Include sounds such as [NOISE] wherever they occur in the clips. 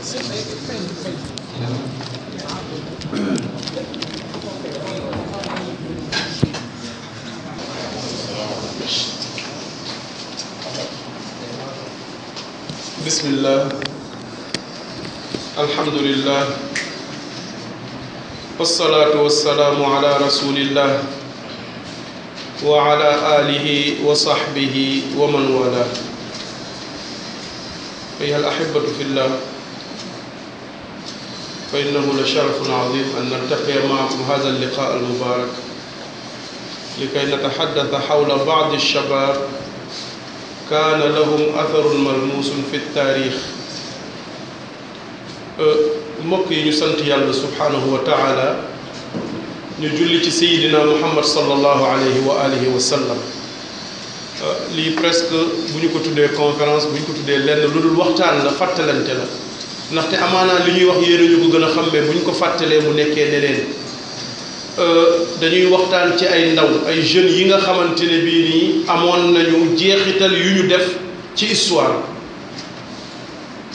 بسم الله الحمد لله والصلاة والسلام على رسول الله وعلى آله وصحبه ومن والاه أيها الأحبة في الله فإنه لشرف عظيم أن نلتقي معكم هذا اللقاء المبارك لكي نتحدث حول بعض الشباب كان لهم أثر ملموس في التاريخ mbokk yi ñu sant yàlla subhaanahu wa taala ñu julli ci sayidina muhammad sallallahu alayhi wa alihi wa sallam lii presque bu ñu ko tuddee conférence bu ñu ko tuddee lenn lu dul waxtaan la fàttalante la ndaxte amaanaa li ñuy wax yéen ñu ko gën a xam mais bu ñu ko fàttalee mu nekkee ne leen euh, dañuy waxtaan ci ay ndaw ay jeunes yi nga xamante ne bii nii amoon nañu jeexital yu ñu def ci histoire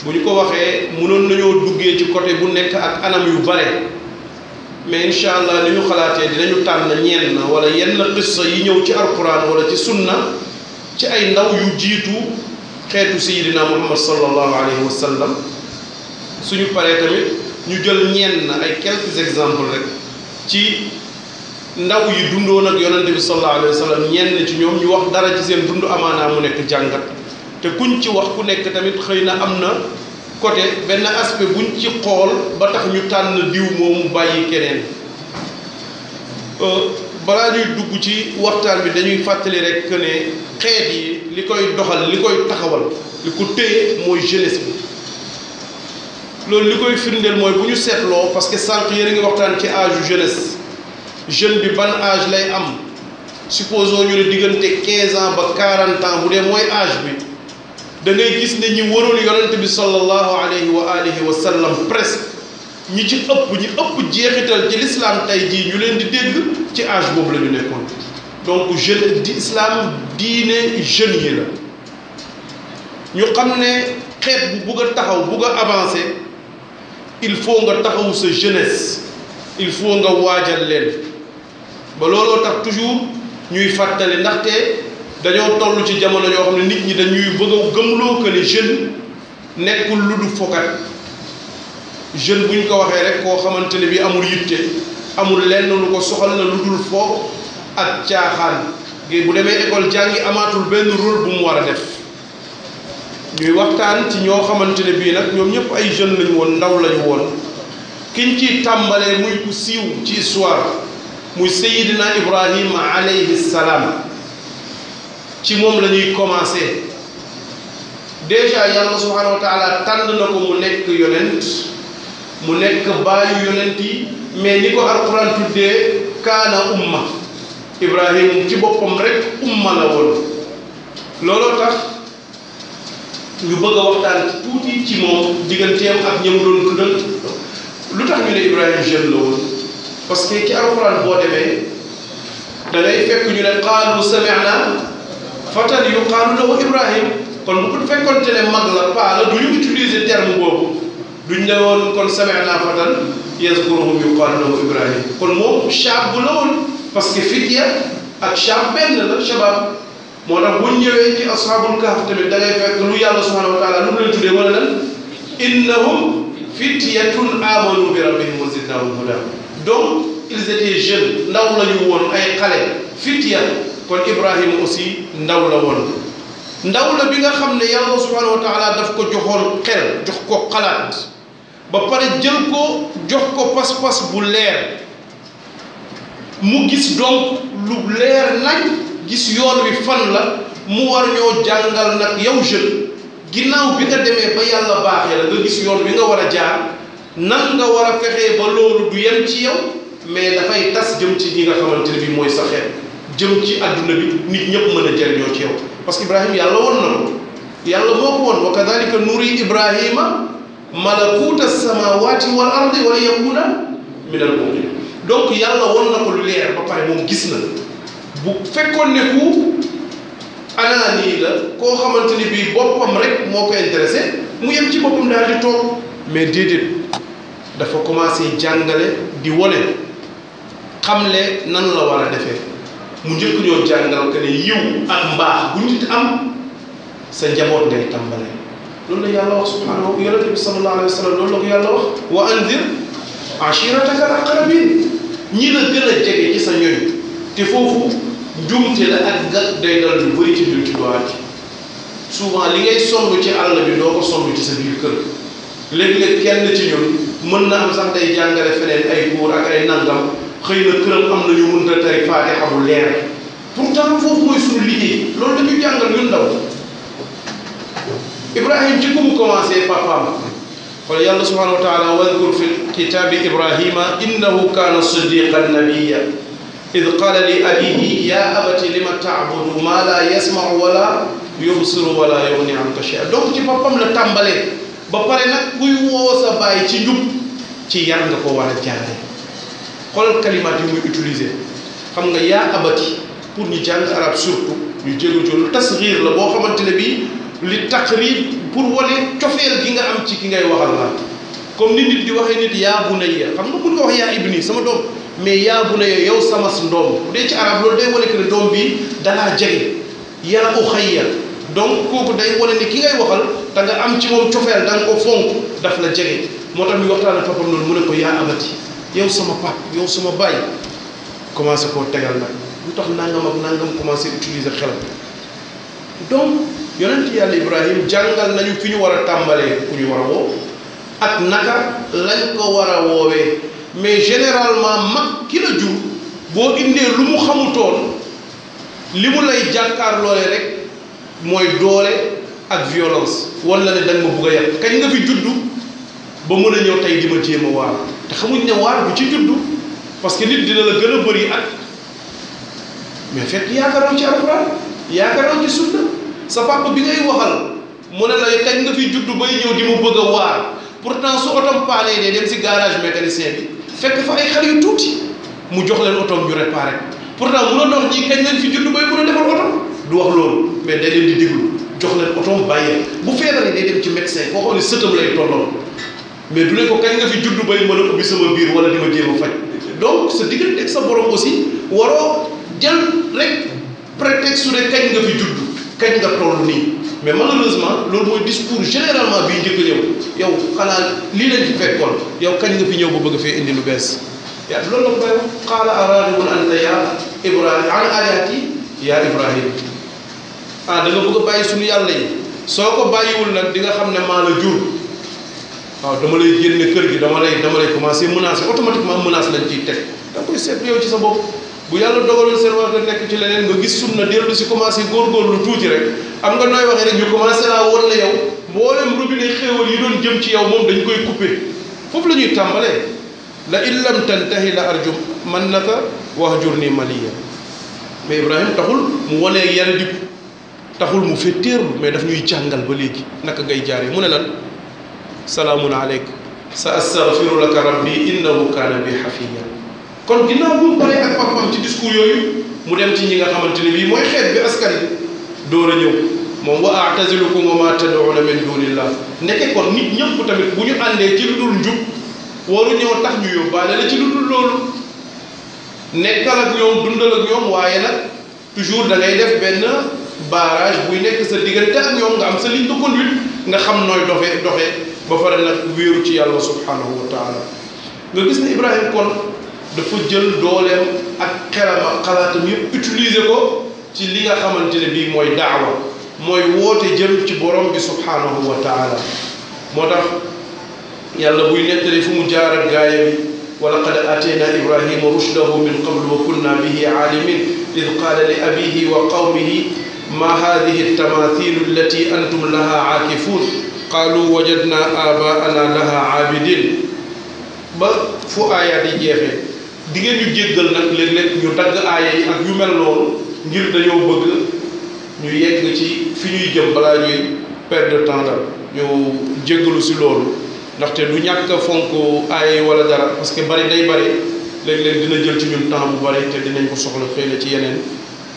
bu ñu ko waxee mënoon nañoo duggee ci côté bu nekk ak anam yu bare mais incha allah li ñu xalaatee dinañu tànn ñenn wala yenn qissa yi ñëw ci alquran wala ci sunna ci ay ndaw yu jiitu xeetu sayidina muhammad sallallahu alayhi wa sallam suñu paree tamit ñu jël ñenn ay quelques exemples rek ci ndaw yi dundoon ak yonente bi sallallahu alayhi wa sallam ñenn ci ñoom ñu wax dara ci seen dund amaanaa mu nekk jàngat te kuñ ci wax ku nekk tamit xëy na am na côté benn aspect buñ ci xool ba tax ñu tànn diw moomu bàyyi keneen euh, balaa ñuy dugg ci waxtaan bi dañuy fàttali rek que ne xeet yi li koy doxal li koy taxawal li ko téye mooy jeunesse bi loolu li koy firndeel mooy bu ñu seetloo parce que sànq yéen a ngi waxtaan ci âge yu jeunesse jeune bi ban âge lay am supposons ñu ne diggante 15 ans ba 40 ans bu dee mooy âge bi da ngay gis ne ñi waroon yonent bi sallallahu alayhi wa alihi wa sallam presque ñi ci ëpp ñi ëpp jeexital ci l'islam tey jii ñu leen di dégg ci âge boobu la ñu nekkoon donc jeune di islam diine jeunes yi la ñu xam ne xeet bu bugg a taxaw bugg avancé il faut nga taxawu sa jeunesse il faut nga waajal leen ba looloo tax toujours ñuy fàttali ndaxte dañoo toll ci jamono yoo xam ne nit ñi dañuy bëgg a gëmloo que ne nekkul lu du fokat jeune bu ñu ko waxee rek koo xamante ne bi amul yitte amul lenn lu ko soxal na lu dul foo ak caaxaan gi bu demee école jàngi amaatul benn rôle bu mu war a def ñuy waxtaan ci ñoo xamante ne bii nag ñoom ñëpp ay jeunes lañu woon ndaw lañu woon kiñ ci tàmbalee muy siiw ci histoire muy Seydina Ibrahima alayhi salaam ci moom lañuy ñuy commencé déjà yàlla subhanahu wa tànn na ko mu nekk yonent mu nekk baayu yonent yi mais ni ko alquran tuddee kaana umma Ibrahima ci boppam rek umma la woon looloo tax. ñu bëgg a waxtaan tuuti ci moom digganteem ak ñëm doon tuddal lu tax ñu ne Ibrahima jeune la woon parce que ci alxuraan boo demee da ngay fekk ñu ne qaalu sami'na fatan yuqaalu lahu Ibrahim la paa la du ñu utiliser terme boobu duñ Ibrahim kon moom shaab bu la woon parce que fitya ak shaab benn la shabaab moo tax bu ñëwee ci ashabul kahf tamit da ngay fekk lu yàlla subhanahu wa taala lu mu leen tuddee wala lan innahum fityatun amanu bi rabbihim wa zidnahum huda donc ils étaient jeunes ndaw la woon ay xale fitya kon Ibrahima aussi ndaw la woon ndaw la bi nga xam ne yàlla subhanahu wa taala daf ko joxoon xel jox ko xalaat ba pare jël ko jox ko pas-pas bu leer mu gis donc lu leer nañ gis yoon wi fan la mu war ñoo jàngal nag yow jeune ginnaaw bi nga demee ba yàlla baaxee la nga gis yoon wi nga war a jaar nan nga war a fexee ba loolu du yenn ci yow mais dafay tas jëm ci ñi nga xamante ne bi mooy sa jëm ci adduna bi nit ñëpp mën a jariñoo ci yow parce que Ibrahim yàlla woon na ko yàlla moo ko woon wa kadalika nuri Ibrahima malakuta samawati wal ardi wa yakuna min al muminin donc yàlla woon na ko lu leer ba pare moom gis na bu fekkoon ne ku anaani la koo xamante ni bii boppam rek moo ko intéressé mu yem ci boppam daal di toog mais déedéet dafa commencé jàngale di wone xamle nan la war a defee mu njëkk ñoo jàngal que ne yiw ak mbaax bu nit am sa njaboot ngay tàmbale loolu la yàlla wax subhaanahu yonente bi sallallahu alayhi wa sallam loolu la ko yàlla wax wa andir ashirataka al aqrabin ñi la gën a jege ci sa ñoñ te foofu jumte la ak gàtt day dal lu bëri ci biir ci li ngay sonn ci àll bi doo ko sonn ci sa kër léeg kenn ci ñun mën na am sax day jàngale feneen ay cours ak ay nangam xëy na këram am na ñu mënta tari faatiha bu leer pourtant foofu mooy suñu liggéey loolu dañu jàngal ñun ndaw Ibrahim ci ku mu commencé papaam xool yàlla subhanahu wa taala wadkur fi kitaabi Ibrahima innahu kaana siddiqan nabiyya id qala li abihi ya abati lima taabudu ma la yasmau wala yubsiru wala yughni anka shay'a donc ci boppam la tàmbalee ba pare nag kuy woo sa ci njub ci yar ko war a jaare xoolal kalimaat yu muy utiliser xam nga yaa abati pour ñu jàng arab surtout ñu jëlu jëlu tasxiir la boo xamante ne bii li taqrib pour wane cofeel gi nga am ci ki ngay waxal la comme ni nit di waxee nit yaa bunayya xam nga bu ñu wax yaa ibni sama doom mais yaa bu ne yow sama ndoom bu dee ci arab loolu day wane que doom bi danaa jege yaa u xayya donc kooku day wane ni ki ngay waxal da nga am ci moom cofeel da nga ko fonk daf la jege moo tax ñu waxtaan ak papam loolu mu ne ko yaa abati yow sama pap yow sama baay commencé koo tegal nag lu tax nangam ak nangam commencé utiliser xelam donc yonent yàlla Ibrahim jàngal nañu fi ñu war a tàmbalee ku ñu war a woo ak naka lañ ko war a woowee mais généralement mag ki la jur boo indee lu mu xamutoon li mu lay jàkkaar loole rek mooy doole ak violence wala ne dañ ma bugg a yàq kañ nga fi juddu ba mën a ñëw tey di ma jéem a waar te bu ci juddu parce que nit dina la gën a bëri at mais fekk yaakaaroon ci alxuraan yaakaaroon ci sunna sa papa bi ngay waxal mu ne la kañ nga fi juddu bay ñëw di ma bëgg a waar pourtant su otom paanee dee dem si garage mécanicien bi fekk fa ay xale yu tuuti mu jox leen otoom ñu réparé pour mu doon wax ñii kañ leen fi judd bay mën a mais day leen di déglu jox leen otoom bàyyi bu feebaree day ci médecin koo xam ne mais du ko kañ nga fi judd bay mën a ubbi sama biir wala di ma jéem faj donc sa diggante ak sa borom aussi waroo jël rek prétexte ne kañ nga fi judd. kañ nga toll nii mais malheureusement loolu mooy discours généralement bii njëkk a ñëw yow xanaa lii lañ fi fekkoon yow kañ nga fi ñëw ba bëgg fee indi lu bees yaa loolu la koy qaala araadibun anta yaa ibrahim an ayaati yaa ibrahim ah da bàyyi suñu yàlla yi soo ko bàyyiwul nag di xam ne maa la jur waaw ah, dama lay génne kër gi dama lay dama lay commencer menacer automatiquement menace lañ ciy teg da nga koy seetlu yow ci sa bopp bu yàlla dogaloon seen wax na nekk ci leneen nga gis sunna dellu si commencé góorgóorlu tuuti rek am nga nooy waxee rek ñu commencé laa won la yow mboolem robinet xéewal yi doon jëm ci yow moom dañ koy coupé foofu la ñuy tàmbalee la in lam tantahi la arjum man naka wax jur ni maliya mais Ibrahim taxul mu wanee yan dib taxul mu fetteerlu mais daf ñuy jàngal ba léegi naka ngay jaaree mu ne lan salaamun aleyk sa la laka rabbi innahu kaana bi xafiya kon ginnaaw bu mu paree ak papam ci discours yooyu mu dem ci ñi nga xamante ne bii mooy xeet bi askan bi door a ñëw moom wa a'tazilukum wa ma tad'una min dunillah ndeke kon nit ko tamit bu ñu àndee ci lu dul njub waru ñëw tax ñu yóbbaale la ci lu dul loolu nekkal ak ñoom dundal ak ñoom waaye nag toujours da def benn barrage buy nekk sa diggante ak ñoom nga am sa ligne de conduite xam nooy doxee doxee ba pare nag wéeru ci yàlla subhanahu wa nga gis ne Ibrahim kon dafa jël dooleem ak xelam ak xalaatam yépp utiliser ko ci li nga xamante ne bii mooy daawa mooy woote jëm ci borom bi subhaanahu wa taala moo tax yàlla buy nettali fu mu jaar wa laqad atayna min qablu wa kunna bihi aalimin id qaala li wa qawmihi ma hadihi altamaathilu allati antum laha aakifun qaalu wajadna abaana laha aabidin ba fu aayaat yi di ngeen ñu jéggal nag léeg-léeg ñu dagg aaya yi ak yu mel loolu ngir dañoo bëgg ñu yegg ci fi ñuy jëm balaa ñuy perdre de temps la ñu jéggalu si loolu ndaxte du ñàkk a fonk aaya yi wala dara parce que bari day bari léeg-léeg dina jël ci ñun temps bu bari te dinañ ko soxla xëy na ci yeneen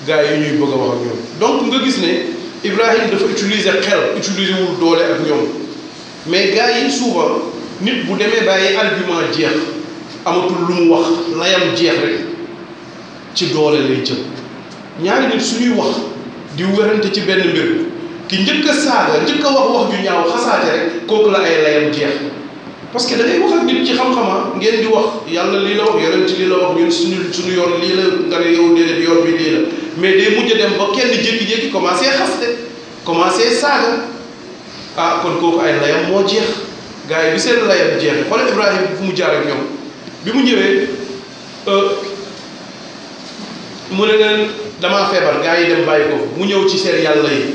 gars yi ñuy bëgg a wax ak ñoom donc nga gis ne Ibrahim dafa utiliser xel utiliser wul doole ak ñoom mais gars yi souvent nit bu demee bàyyi argument jeex amatul lu mu wax layam jeex rek ci doole lay jëm ñaari nit suñuy wax di werante ci benn mbir ki njëkk a saaga njëkk a wax wax ju ñaaw xasaate rek kooku la ay layam jeex parce que wax ak nit ci xam ngeen di wax yàlla lii la wax yonent lii suñu suñu yoon lii la nga ne yow déedéet yoon bi lii la mais day mujj dem ba kenn jékki-jékki commencé xaste commencé saaga ah kon kooku ay layam moo jeex gars yi bi seen layam jeex xoolal Ibrahima fu mu jaar ak ñoom bi mu ñëwee euh, mu ne leen damaa feebar gaa yi dem bàyyi ko mu ñëw ci seen yàlla yi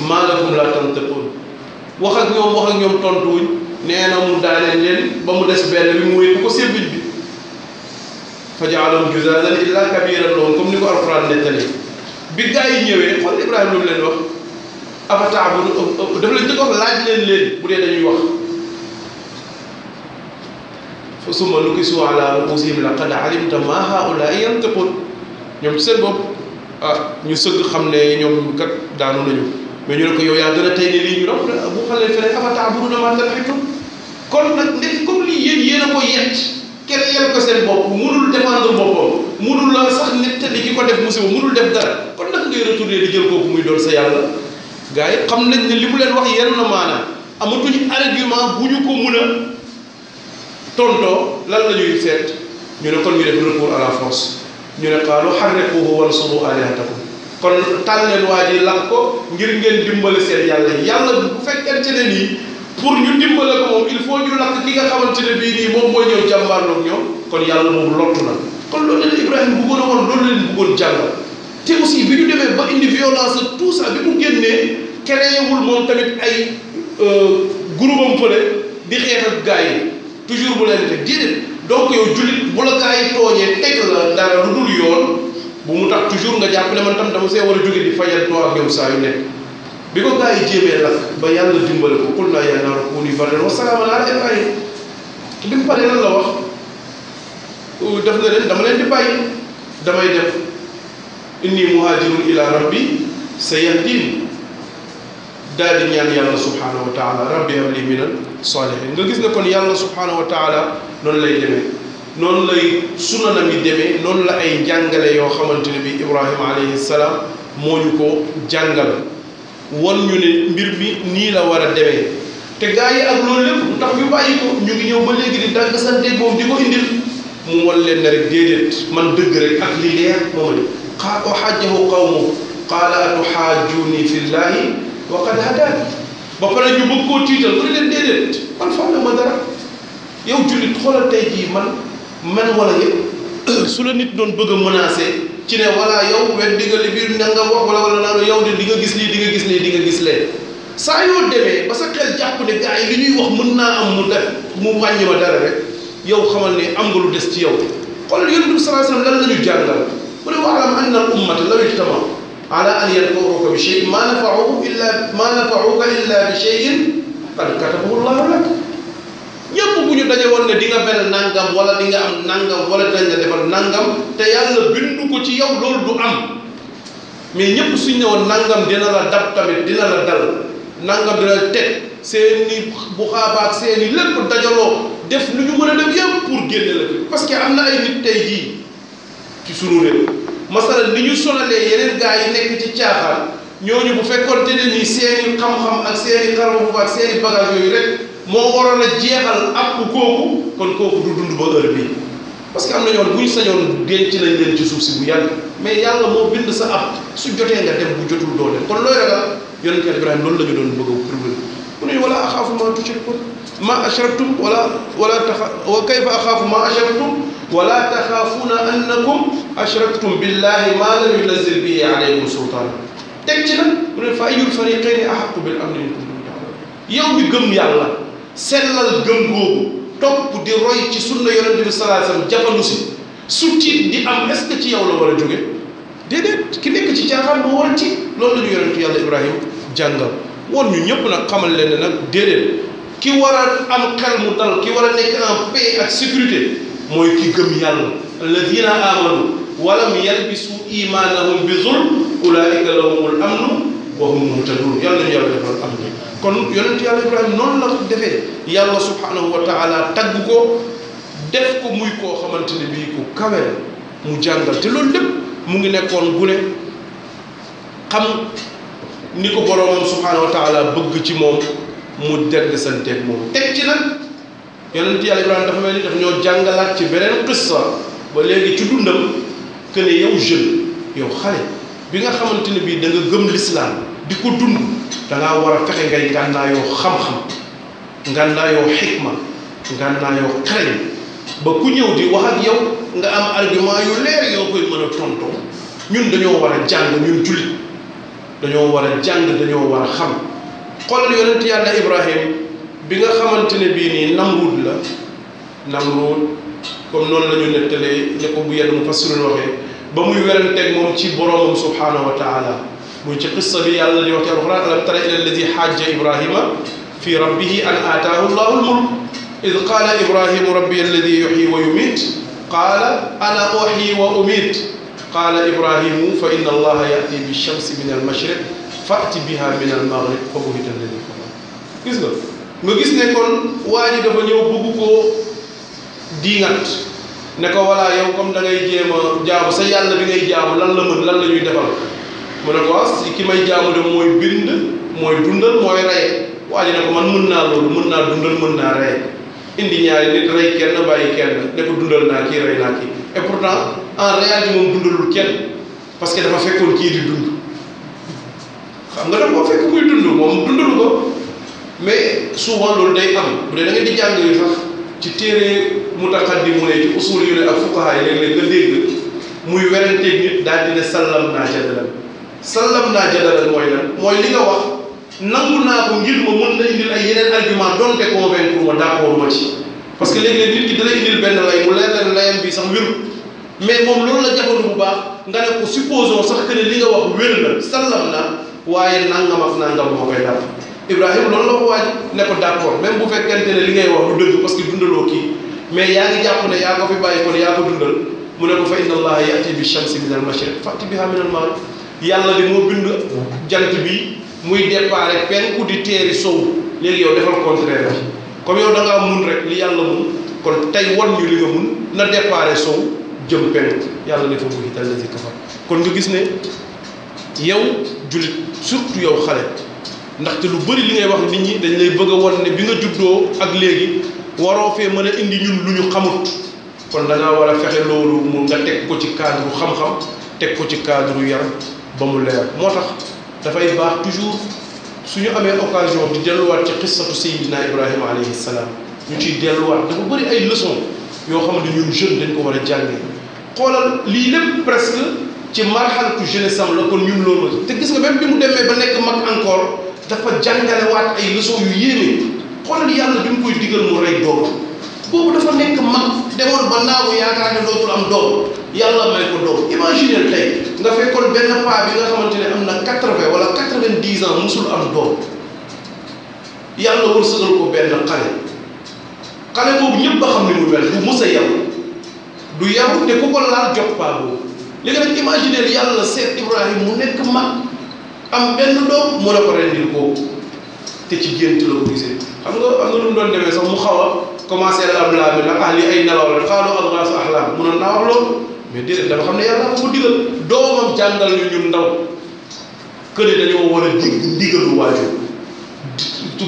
maalakum laa tantiquun wax ak ñoom wax ak ñoom tontuwuñ nee na mu daaneel leen ba mu des benn bi mu wéy ko sébbiñ bi fa jaalahum juzaadan illaa kabiiran lahum comme ni ko alquran nettali bi gaa yi ñëwee xool Ibrahima lu mu leen wax afa taabudu daf leen di ko wax laaj leen leen bu dee dañuy wax. summa nukisu ala la laqad alimta ma haula yantiqun ñoom seen bopp ah ñu sëgg xam ne ñoom kat daanu nañu mais ñu ne ko yow yaa gën a tey ne lii ñu doon bu xalee feneen afata'buduna ma tanhitun kon nag ndef comme lii yéen yéen a ko yett kenn yel ko seen bopp munul défendre boppam munul la sax nettali ki def dara kon nag ngay retourné di jël kooku muy doon sa yàlla gars xam nañ ne li mu leen wax yenn na maanaam amatuñu argument bu ñu ko mun a tontoo lan la ñuy seet ñu ne kon ñu def recours à la force ñu ne qaalu harriquhu wansuru alihatakum kon tànn leen waa ji lan ko ngir ngeen dimbale seen yàlla yi yàlla bu fekkente ne nii pour ñu dimbale ko moom il faut ñu lakk ki nga xamante ne bii nii moom mooy ñëw jàmbaarloog ñoom kon yàlla moom lottu na kon loolu leen Ibrahima woon loolu leen bëggoon jàngal te aussi bi ñu demee ba indi violence tout ça bi mu génnee créé wul moom tamit ay euh, groupe am fële di xeex ak toujours bu leen teg déedéet donc yow jullit bu la kaay tooñee teg la dara lu dul yoon bu mu tax toujours nga jàpp ne man tam dama see war a jóge di fayal noo ak yow saa yu nekk bi ko gars yi jéemee lakk ba yàlla dimbale ko qul naa yaa naaru kuuni la wax def na leen dama leen di bàyyi damay def inni muhajirun ila rabbi sayahdin daal di ñaan yàlla subhaanahu wa taala rabbi am li minan saalihin nga gis ne kon yàlla subhaanahu wa taala noonu lay demee noonu lay sunanam yi demee noonu la ay jàngale yoo xamante ne bii ibrahima alayhi salaam moo ñu ko jàngal wan ñu ne mbir mi nii la war a demee te gaa yi ak loolu lépp ñu bàyyi ba léegi di dàgg sante di ko indil mu wan leen ne rek déedéet man dëgg rek ak li leer mooma ni xaa o xajjahu qawmu qaala atuxaajuuni fi llahi waqad hadaani ba pare ñu bëgg koo tiital mu ne leen déedéet man fàlle ma dara yow jullit xoolal tey kii man man wala yëpp [CLEARS THROAT] su la nit doon bëgg a menacer ci ne voilà yow wet di nga li biir na nga wax wala wala naanu yow de di nga gis lii di nga gis lii di nga gis lee saa yoo demee ba sa jàpp ne gars ñuy wax mën naa am mu def mu wàññi ma dara rek yow xamal ne am nga lu des ci yow xoolal yonent bi sallallahu alayhi wasallam lan la ñu jàngal mu ne waalam anna al ummata law ijtama ala an yanfauka bi shay'in ma nafauhu illa ma nafauka illa bi shay'in qad katabahu llahu lak ñëpp bu ñu daje woon ne di nga mel nangam wala di nga am nangam wala dañ nangam te yàlla bindu ko ci yow loolu du am mais ñëpp suñ ne woon nangam dina la dab tamit dina la dal nangam dina la teg seeni bu xaabaak seeni lépp dajaloo def lu ñu mën a def yëpp pour génne la parce que am na ay nit tey jii ci sunu réew masalan ni ñu sonalee yeneen gaa yi nekk ci caaxaan ñooñu bu fekkoonte ne nii seeni xam-xam ak seeni xarala ak seeni bagage yooyu rek moo waroon a jeexal ak kooku kon kooku du dund ba heure parce que am na ñoon bu ñu sañoon denc nañ leen ci suuf si bu yàgg mais yàlla moo bind sa am su jotee nga dem bu jotul doo dem kon looy ragal yonent yàlla Ibrahima loolu la ñu doon bëgg a prouvé mu ne wala axaafu ma ma ashrabtum wala wala taxa wa kayfa axaafu ma ashrabtum wala taxaafuuna annakum ashraktum billahi ma lam yunazil bihi aleykum sultaana teg ci nag mu ne fa ayul fariqayni ahaqu bil amni in kuntum taalamuun yow bi sallallahu alayhi wasallam jafandu si su tiit di am est-ce que ci yow la war a jóge déedéet ki nekk ci caaxaan boo war a tiit loolu la ñu yonentu yàlla Ibrahima jàngal woon ñu ñëpp nag xamal leen nag déedéet ki war a am xel mu dal ki war a nekk en paix ak sécurité mooy ki gëm yàlla alladina amanu walam yalbisu imaanahum bi zulm ulaika lahumul amnu wa hum muhtadun yàlla nañu yàlla defal am ni kon yonent yàlla ibrahima noonu la ko defee yàlla subhanahu wa taala tagg ko def ko muy koo xamante ni bii ku kawe mu jàngal te loolu lépp mu ngi nekkoon gune xam ni ko boroomam subhanahu wa bëgg ci moom mu degg santeeg moom teg ci nag yonent yàlla Ibrahima dafa mel ni daf ñoo jàngalaat ci beneen qissa ba léegi ci dundam que ne yow jeune yow xale bi nga xamante ne bii danga nga gëm lislaam di ko dund da ngaa war a fexe ngay ngànnaayoo xam-xam ngànnaayoo xikma ngànnaayoo xarañ ba ku ñëw di wax ak yow nga am argument yu leer yoo koy mën a tontoo ñun dañoo war a jàng ñun jullit dañoo war a jàng dañoo war a xam xoolal yonent yàlla Ibrahim bi nga xamante ne bii nii namruud la namruud comme noonu la ñu nettalee ña ko bu yenn mu fassirul waxee ba muy weranteeg moom ci boromam subhaanahu wa taala muy ci qissa bi yàlla di wax ci alquran alam tara ila alladi xaaja ibrahima fi rabbihi an aataahu llahu almulk id qaala ibrahimu rabbi alladi yuxyi wa yumit qaala ana uxyi wa umit qaala ibrahimu fa inna allaha yati bi shamsi min almashriq fati biha min almaghrib fa buhita alladi kafar gis nga nga gis ne kon waa dafa ñëw bëgg koo diingat ne ko voilà yow comme da ngay jéem jaamu sa yàlla bi ngay jaamu lan la mën lan la ñuy defal mu ne ko si ki may jaamu de mooy bind mooy dundal mooy rey waa ne ko man mën naa loolu mën naa dundal mën naa rey indi ñaari nit rey kenn bàyyi kenn ne ko dundal naa kii rey naa kii et pourtant en réalité moom dundalul kenn parce que dafa fekkoon kii di dund xam nga dafa fekk muy dund moom dundalu ko. mais souvent loolu day am bu dee da nga di jàng yu sax ci téere mutaqaddimu ne ci usul yu ne ak fuqaha yi léeg-léeg nga dégg muy werenteeg nit daal di ne sallam naa jadalan sallam naa jadalan mooy lan mooy li nga wax nangu naa ko ngir ma mën na indil ay yeneen argument donte convaincre ma d'accord ma ci parce que léeg-léeg nit ki da lay indil benn lay mu leer la layam bi sax wéru mais moom loolu la jafandu bu baax nga ne ko supposons sax que ne li nga wax na sallam na Ibrahima loolu la ko waaj ne ko d'accord même bu fekkente ne li ngay wax lu dëgg parce que dundaloo kii mais yaa ngi jàpp ne yaa ko fi bàyyi ko ne yaa ko dundal mu ne ko fa inna allaha bi moo bind jant bi muy déparé penku di teeri sow léegi yow defal contraire bi comme yow da ngaa mun rek li yàlla mun kon tey wan ñu li nga mun na déparé sow jëm penku yàlla ne fa buhita allazi kafar kon nga gis ne yow jullit surtout yow xale ndaxte lu bëri li ngay wax nit ñi dañ lay bëgg a ne bi nga juddoo ak léegi waroo fee mën a indi ñun lu ñu xamut kon da war a fexe loolu mu nga teg ko ci cadre xam-xam teg ko ci cadre yar ba mu leer moo tax dafay baax toujours suñu amee occasion di delluwaat ci xissatu sayidina ibrahima alayhi salaam ñu ci delluwaat dafa bëri ay leçon yoo xamante ñun jeune dañ ko war a jàngee xoolal lii lépp presque ci marxalatu jeunesse am la kon ñun loolu te gis nga même bi mu demee ba nekk mag encore dafa jàngalewaat ay leçon yu yéeme xool yàlla bi mu koy digal mu rey doom boobu dafa nekk mag demoon ba naaw yaakaar ne dootul am doom yàlla may ko doom imaginer tey nga fekkoon benn paa bi nga xamante ne am na quatre-vingts wala quatre-vingt-dix ans musul am doom yàlla wërsëgal ko benn xale xale boobu ñëpp ba xam ne mu mel du mës a du yaw te ku ko laal jot paa boobu léegi nag imaginer yàlla seet Ibrahim mu nekk mag am benn doom mu ne ko rendil boobu te ci gént la ko gisee xam nga xam nga lu mu doon demee sax mu xaw a commencé la am laa bi nag ah li ay nelaw la xaalu adrasu axlaam munoon naa wax loolu ne dañoo war a dig ndigalu waajur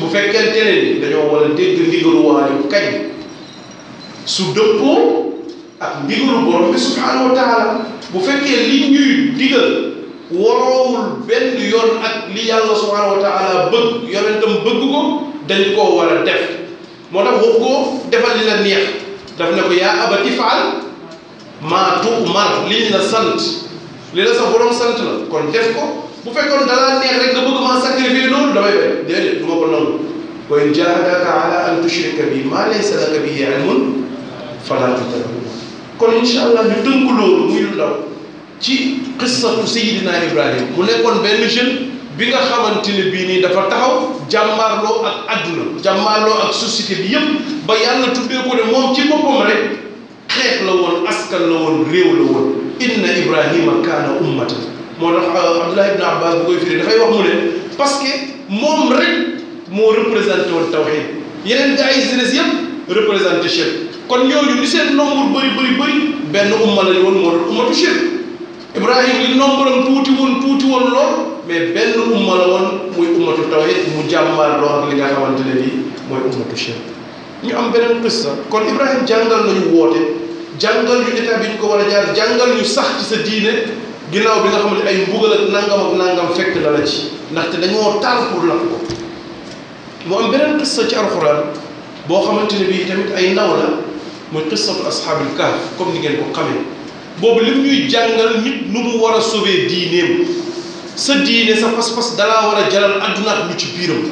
bu fekkente ne ni dañoo war a dégg ndigalu waajur kañ su dëppoo ak ndigalu borom bi subhanahu wa bu fekkee li ñuy digal waroowul benn yoon ak li yàlla subhanahu wa taala bëgg yonentam bëgg a def moo tax waxu ko defal li la neex daf ne ko yaa abati faal maa tu'mar liñ la sant li la sa borom sant la kon def ko bu fekkoon dalaa neex rek nga bëgg maa sacrifier loolu damay bay déedéet du ma nangu wa in jahadaka ala an tushrika bi maa laysa laka bihi ilmun falaa tuti'huma kon incha allah ñu tënk loolu muy lu ndaw ci qissatu Seydina Ibrahima mu nekkoon benn jeune bi nga xamante ne bii nii dafa taxaw jàmmaarloo ak adduna jàmmaarloo ak société bi yépp ba yàlla tuddee ko ne moom ci boppam rek xeet la woon askan la woon réew la woon inna Ibrahima kaana ummatan moo tax euh, Abdullah dafay wax parce que moom rek moo représenté woon tawxid yeneen gars yi jeunesse yépp représenté shirk kon ñooñu li seen nombre bëri bëri bëri benn umma la ñu woon moo doon ummatu shirk Ibrahim li nombaram tuuti woon tuuti woon lool mais benn umma la woon muy ummatu tawhid mu jàmbaar loo ak li nga xamante ne nii mooy ummatu shirk ñu am beneen qissa kon Ibrahim jàngal nañu woote jàngal ñu état bi ko war a jaar jàngal yu sax ci sa diine ginnaaw bi nga xamante ay mbugal ak nangam ak nangam fekk na la ci ndaxte dañoo taal pour lakk ko mu am beneen qissa ci alxuraan boo xamante ne bii tamit ay ndaw la muy qissatu asxaabil kahf comme ni ngeen ko xamee. boobu li ñuy jàngal nit nu mu war a sauver diineem sa diine sa pas-pas dalaa war a jaral adduna ak ci biiram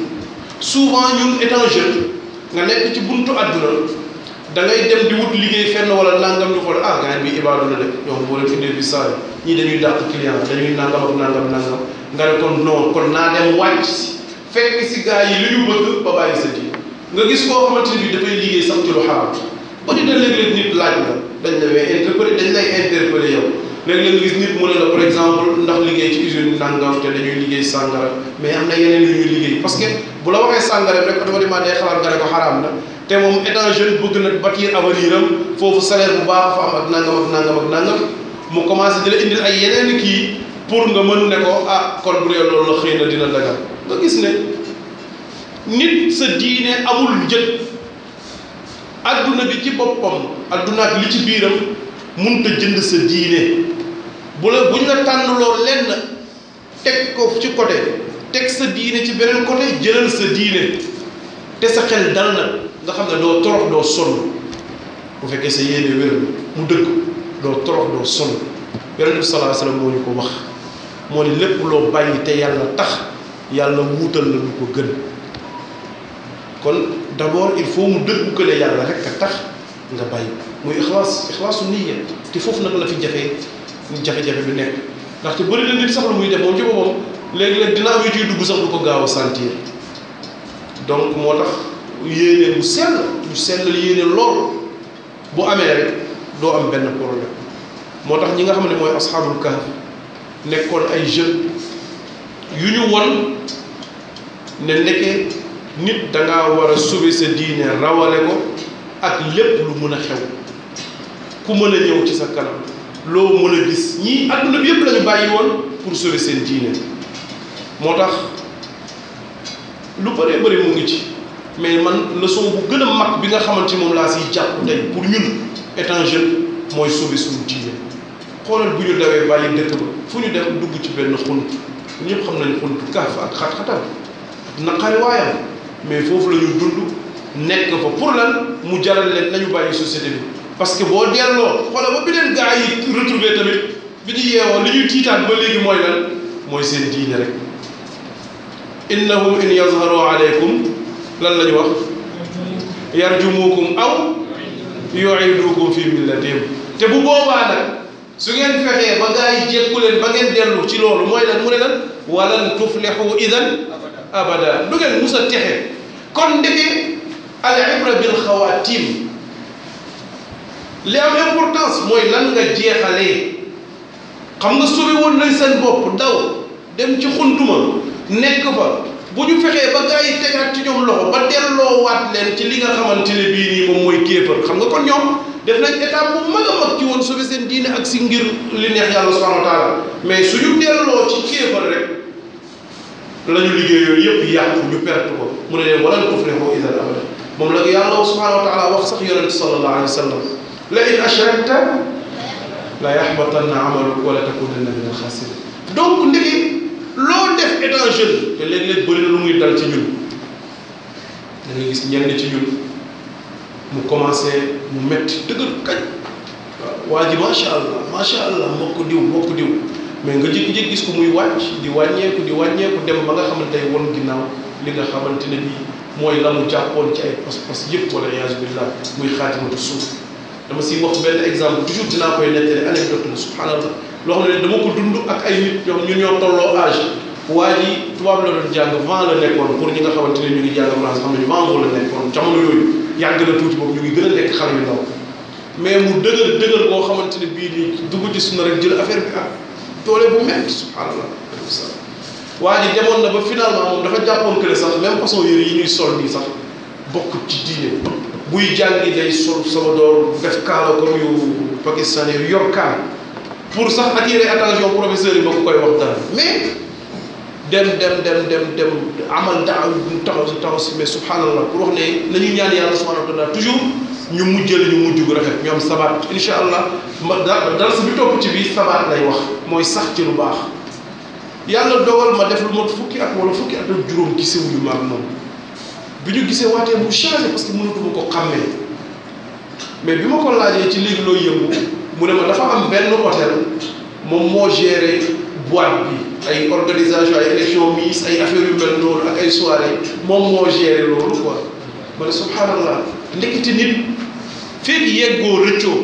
souvent ñu étant jeune nga nekk ci buntu adduna da ngay dem di wut liggéey fenn wala nangam ñu xool ah gars bi ibaadu la de ñoom boo leen indee bi saa ñii dañuy dàq client dañuy nangam ak nangam nangam nga ne kon non kon naa dem wàcc si fekk si gars yi li ñu bëgg ba bàyyi sa diine nga gis koo xamante ne bii dafay liggéey sax ci dañ la may interpellé dañ lay interpellé yow léegi nga gis nit mu ne la par exemple ndax liggéey ci usine nangam te dañuy liggéey sàngara mais am na yeneen yu ñuy liggéey parce que bu la waxee sàngara rek automatiquement day xalaat nga ne ko xaraam na te moom étant jeune bëgg na bâtir avenir am foofu salaire bu baax fa am ak nangam ak nangam ak nangam mu commencé di la indil ay yeneen kii pour nga mën ne ko ah kon bu loolu la xëy na dina dagal nga gis ne nit sa diine amul jët adduna bi ci boppam adduna ak li ci biiram munta jënd sa diine bu la buñ la tànnloo lenn teg ko ci côté teg sa diine ci beneen côté jëlal sa diine te sa xel dal na nga xam ne doo torox doo sonn bu fekkee sa yéene wér mu dëgg doo torox doo sonn yonent bi sallallahu moo ñu ko wax moo ne lépp loo bàyyi te yàlla tax yàlla wuutal la lu ko gën kon d'abord il faut mu dëggu kële yàlla rek a tax nga bàyyi muy ixlaas ixlaasu niyya te foofu nag la fi jafee jafe-jafe bi nekk ndaxte bëri na nit sax lu muy def moom ci boppam léegi-léeg dina am yu ciy dugg sax bu ko gaaw a sentir donc moo tax yéene bu sell bu sellal yéene lool bu amee rek doo am benn problème moo tax ñi nga xam ne mooy asxaabul kahf nekkoon ay jeunes yu ñu won ne nekkee nit da ngaa war a sauver sa diine rawale ko ak lépp lu mën a xew ku mën a ñëw ci sa kanam loo mën a gis ñii adduna bi yëpp la ñu bàyyi woon pour sauver seen diine moo tax lu bëree bari mu ngi ci mais man leçon bu gën a mag bi nga xamante moom laa si jàpp tey pour ñun étant mooy sauver suñu diine xoolal bu ñu dawee bàyyi dëkk ba fu ñu dem dugg ci benn xun ñëpp xam nañ xunt kaaf ak xat-xatal naqari waayam mais foofu la ñu dund nekk fa pour lan mu jaral leen nañu bàyyi société bi parce que boo delloo xoola ba beneen gaa yi retrouvé tamit bi ñu yeewoo li ñuy tiitaan ba léegi mooy lan mooy seen diine rek innahum in yazharu aleykum lan la ñu wax yarjumukum aw yu'idukum fi millatihim te bu boobaa nag su ngeen fexee ba gaa yi leen ba ngeen dellu mooy lan mu ne lan walan tuflihu idan abada du ngeen mus kon ndefee al ibra bil xawaatim li am importance mooy lan nga jeexalee xam nga sori woon nañ seen bopp daw dem ci xunduma nekk fa bu ñu fexee ba gars tegaat ci ñoom loxo ba delloo waat leen ci li nga xamante ne bii nii moom mooy kéefër xam nga kon ñoom def nañ étape bu mag a mag ci woon sauver seen diine ak si ngir li neex yàlla subhanahu wa taala mais suñu delloo ci kéefër rek la ñu liggéey yooyu yëpp yàqu ñu perte ko mu ne leen walan tuflihu idan abada moom la yàlla subhanahu wa wax sax yonente sallallahu la in ashrakta la yaxbatanna amaluk wala takunanna min alxasirin donc ndigi loo def étant te léeg-léeg bëri na lu muy dal ci ñun mu commencé mu metti dëgër kañ waaw waa ji macha allah macha allah moo ko diw moo ko diw mais nga jékki-jékki gis ko muy wàcc di wàññeeku di wàññeeku dem ba nga xamante ne woon ginnaaw li nga xamante ne bii mooy la mu jàppoon ci ay pas-pas yëpp wala yaasu billah muy xaatimatu suuf dama siy wax benn exemple toujours dinaa koy nettali anecdote la subhanallah loo xam ne ko dund ak ay nit ñoom ñun ñoo tolloo âge waa ji tubaab la doon jàng la nekkoon pour ñi nga xamante ne ñu ngi jàng France xam nañu vent la nekkoon jamono yooyu yàgg na gën a nekk xale yu ndaw mais mu dëgër dëgër boo xamante ne bii nii dugg ci sunna rek jël affaire bi ak doole bu mel subhanallah waa demoon na ba finalement moom dafa jàppoon que ne sax même façon yére yi ñuy sol nii sax bokkut ci diine buy jàngi day sol sama door def kaala comme yu pakistanais yu yor kaala pour sax ak attirer attention professeur yi ba ko koy wax dara mais dem dem dem dem dem amal daaw taxaw si taxaw si mais subhanallah pour wax ne nañu ñaan yàlla subhanahu wa taala toujours ñu mujjal ñu mujj gu rafet ñoom sabaat incha allah ma dara dara si bi topp ci biir sabaat lay wax mooy sax ci lu baax. yàlla dogal ma def lu mot fukki at wala fukki at ak juróom gisewuñu ma ak moom bi ñu gisee waatee mu changé parce que mënatuma ko xàmmee mais bi ma ko laajee ci léegi looy yëngu mu ne ma dafa am benn hôtel moom moo géré boîte bi ay organisation ay élection miss ay affaire yu mel noonu ak ay soirée moom moo géré loolu quoi ma ne subhanallah ndekete nit fekk yeggoo rëccoo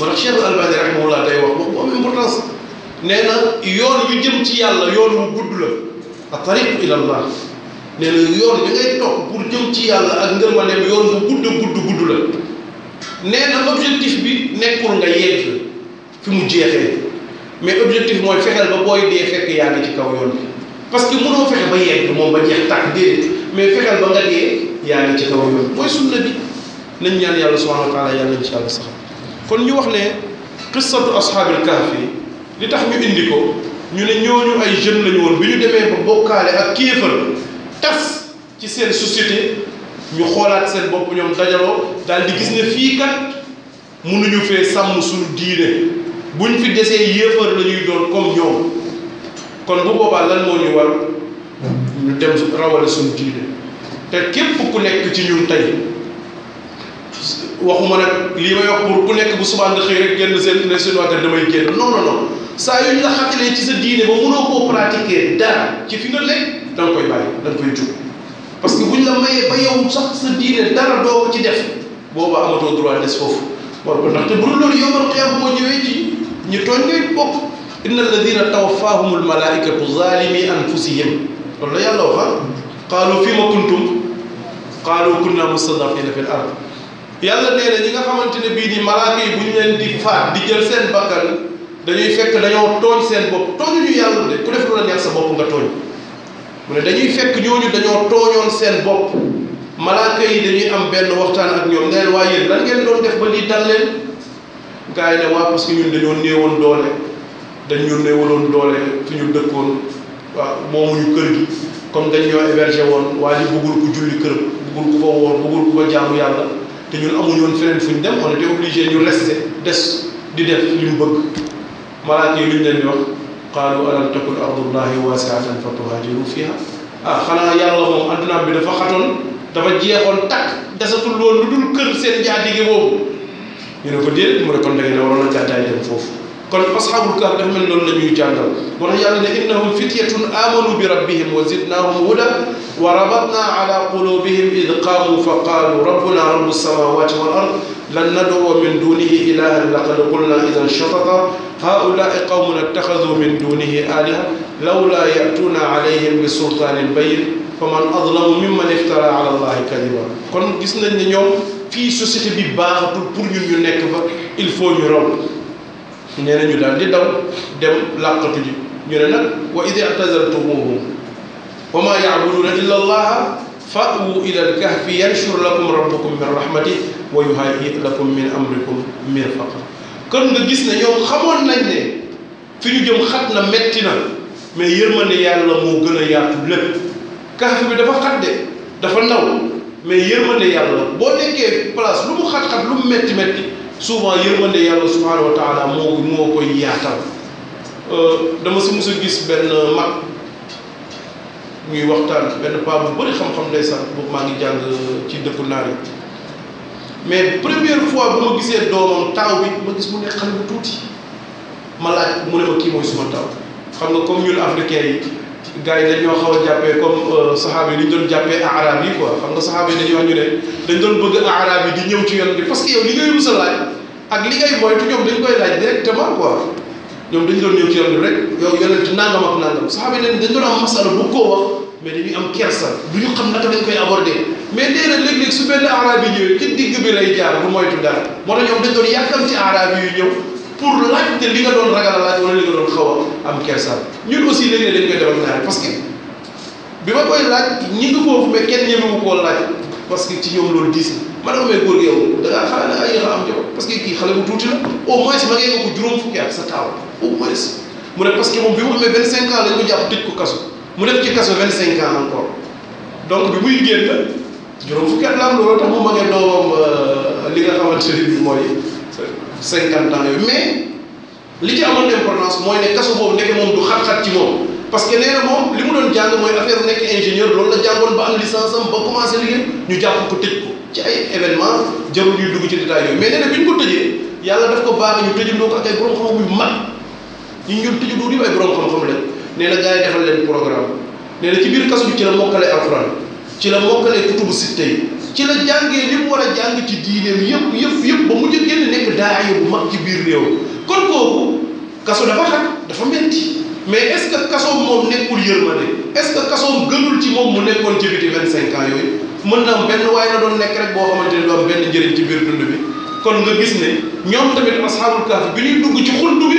ma ne Cheikh Albani rahimahullah day wax wax bu am importance nee na yoon yu jëm ci yàlla yoon wu gudd la a tariq ila nee na yoon bi ngay topp pour jëm ci yàlla ak ngërmandeem yoon bu gudd gudd gudd la nee na objectif bi nekkul nga yegg fi mu jeexee mais objectif mooy fexeel ba booy dee fekk yaa ngi ci kaw yoon bi parce que mënoo fexe ba yegg moom ba jeex tàkk déedéet mais fexeel ba nga dee yaa ngi ci kaw yoon mooy sunna bi nañ ñaan yàlla subhanahu wa taala yàlla nañ ci yàlla sax kon ñu wax ne qissatu ashaabil kahfi li tax ñu indi ko ñu ne ñooñu ay jeunes lañu woon bi ñu demee ba bokkaale ak kéefal tas ci seen société ñu xoolaat seen bopp ñoom dajaloo daal di gis ne fii kat mënuñu fee sàmm suñu diine ñu fi desee yéefar la ñuy doon comme ñoom kon bu boobaa lan moo ñu war ñu dem rawale suñu diine te képp ku nekk ci ñun tey waxuma nag lii may wax pour ku nekk bu subaa nga xëy rek génn seen ne seen waxtaan damay génn non non sa yu ñu la xatalee ci sa diine ba mënoo koo pratiquer dara ci fi nga lekk da nga koy bàyyi da koy jug parce que buñ la mayee ba yow sax sa diine dara doo ci def booba amatoo droit des foofu war ko ndaxte bu dul loolu yowmal qiyaama boo ñëwee ci ñu tooñ ngay bokk inna alladina tawaffahum almalaikatu zalimi anfusihim loolu la yàlla waxal ah. qaalu fi ma kuntum qaalu kunna mustadafina fi l ard yàlla nee na ñi nga xamante ne bii ni malaaka yi buñ leen di faat di jël seen bakkan dañuy fekk dañoo tooñ seen bopp tooñuñu yàlla de ku def lu la neex sa bopp nga tooñ mu ne dañuy fekk ñooñu dañoo tooñoon seen bopp malaaka yi dañuy am benn waxtaan ak ñoom ne waa yéen lan ngeen def ba lii dal leen gars yi ne waa parce que ñun dañ ñu néewaloon doole fi ñu dëkkoon waaw moomuñu kër gi comme dañ ñoo hébergé woon waa ji bëggul ko julli kër bëggul ko fa woor bëggul ko fa jaamu yàlla te ñun amuñu woon feneen fuñ dem on était obligé ñu rester des di def li mu bëgg malaaka yi luñ leen di wax qaalu alam takun ardullahi waasiatan fa tuhajiru fiha ah xanaa yàlla moom adduna bi dafa xatoon dafa jeexoon takk desatul woon lu dul kër seen jaatige boobu ñu ne ko déedéet mu ne kon da ngeen a waroon a gàddaay dem foofu kon asxaabul kahf dafa mel loolu la ñuy jàngal moo tax yàlla ne innahum fityatun amanu bi rabbihim wa zidnahum huda wa rabatna ala qulubihim id qaamu fa qaalu rabbuna rabbu samawati wal ard lan nad'uwa min dunihi ilahan laqad qulna idhan shatata haa'ulaa'i qawmuna ittakhadhu min dunihi aaliha lawlaa ya'tuuna alayhim bi sultaanin bayyin fa man adlamu mimman iftara ala allahi kadiba kon gis nañ ne ñoom fii société bi baaxatul pour ñun ñu nekk fa il faut ñu raw nee na ñu daal di daw dem làqatu ji ñu ne nag wa id i'tazaltumuhum wa ma ya'buduna illa allaha fa'u ila al-kahfi yanshur lakum rabbukum min rahmati wa yuhayyi lakum min amrikum mirfaqa kon nga gis ne yow xamoon nañ ne fi ñu jëm xat na metti na mais yërmande yàlla moo gën a yaatu lépp kahf bi dafa xat de dafa ndaw mais yërmande yàlla boo nekkee place lu mu xat-xat lu mu metti metti souvent yërmande yàlla subhanahu wa taala moo moo koy yaatal euh, dama si mos a gis benn mag ñuy waxtaan benn paa bu bëri xam-xam ndeysaan boobu maa ngi jàng ci dëkku naar yi mais première fois bu ma gisee doomam taaw bi ma gis mu ne xale bu tuuti ma laaj mu ne ma kii mooy suma xam nga comme ñun africain yi yi a jàppee comme euh, saxaaba yi li ñu doon xam nga saxaaba yi dañuy wax ñu ne di ñëw ci yoon bi parce que yow li ngay rusa laaj ak li ngay moytu ñoom dañ koy laaj directement quoi ñoom dañu doon ñëw ci yoon bi rek yow yonent nangam doon am masala bu koo wax mais dañuy am kersa du ñu xam naka dañ koy aborder mais déedéet léeg-léeg su benn arabe yi ñëwee digg bi lay jaar bu moytu dara moo tax ñoom dañ doon yàkkam ci arabe yu ñëw pour laajte li nga doon ragal a laaj wala li nga doon xaw a am kersa ñun aussi léeg-léeg dañ koy defal ñaare parce que bi ma koy laaj ñi nga foofu mais kenn ñemewu koo laaj parce que ci ñoom loolu ma ne ko mais góor gi yow da ngaa xalaat da a am jabar parce que kii xale bu tuuti la au moins ma ngee juróom fukki at sa taaw au mu ne parce que bi mu amee vingt cinq ans lañ ko jàpp tëj ko mu def ci kaso vingt cinq ans encore donc bi muy génn juróom fukki at mu magee doomam euh, li nga xamante ne bii mooy cinquante ans yooyu ci amoon boobu nekk moom du xat-xat ci moom parce que nee moom li mu doon jàng mooy affaire nekk ingénieur loolu la jàngoon ba am licence am ba commencé liggéey ñu jàpp ci ay événement jarul ñuy dugg ci détail yooyu mais nee na bi ñu ko tëjee yàlla daf ko baax ñu tëjandoo ko ak ay borom xam-xam yu mag ñu ñu doon tëjandoo di ay borom xam-xam lañ nee ci biir kaso bi ci la mokkale alxuraan ci la mokkale kutubu sitte yi ci la jàngee li mu a jàng ci diineem yëpp yëpp ba mujj génn nekk daaya bu mag ci biir réew kon kooku kaso dafa xat dafa metti mais est kasoom moom nekkul yërmande est-ce kasoom gënul moom mu nekkoon ci biti vingt cinq ans yooyu mën na am benn waaye la doon nekk rek boo xamante a du am benn njëriñ ci biir dund bi kon nga gis ne ñoom tamit asxaabul kaaf bi ñuy dugg ci xuntu bi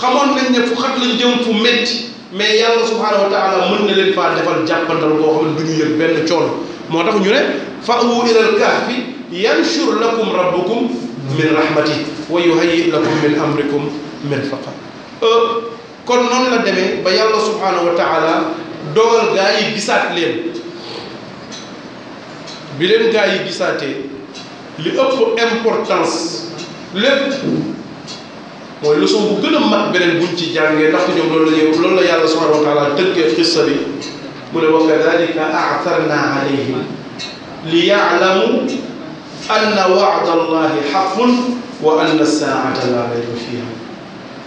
xamoon nañ ne fu xat lañ jëm fu metti mais yàlla subhaanahu wa taala mën na leen faa defal jàppandal boo xam ne du ñu yëg benn coono moo tax ñu ne fa'u ilal kahfi yanshur lakum rabbukum min rahmati wa yuhayyi lakum min amrikum mirfaqa euh, kon noonu la demee ba yàlla subhaanahu wa taala dogal gaa yi gisaat leen bi leen gaa yi gisaatee li ëpp importance lépp mooy leçon bu gën a mag beneen buñ ci jàngee ndax ñoom loolu la ñu loolu la yàlla subhanahu wa taala tënkee xissa bi mu ne wa kadalika a'tharna alayhim li ya'lamu anna wa'da allahi haqqun wa anna saa'ata la rayba fiha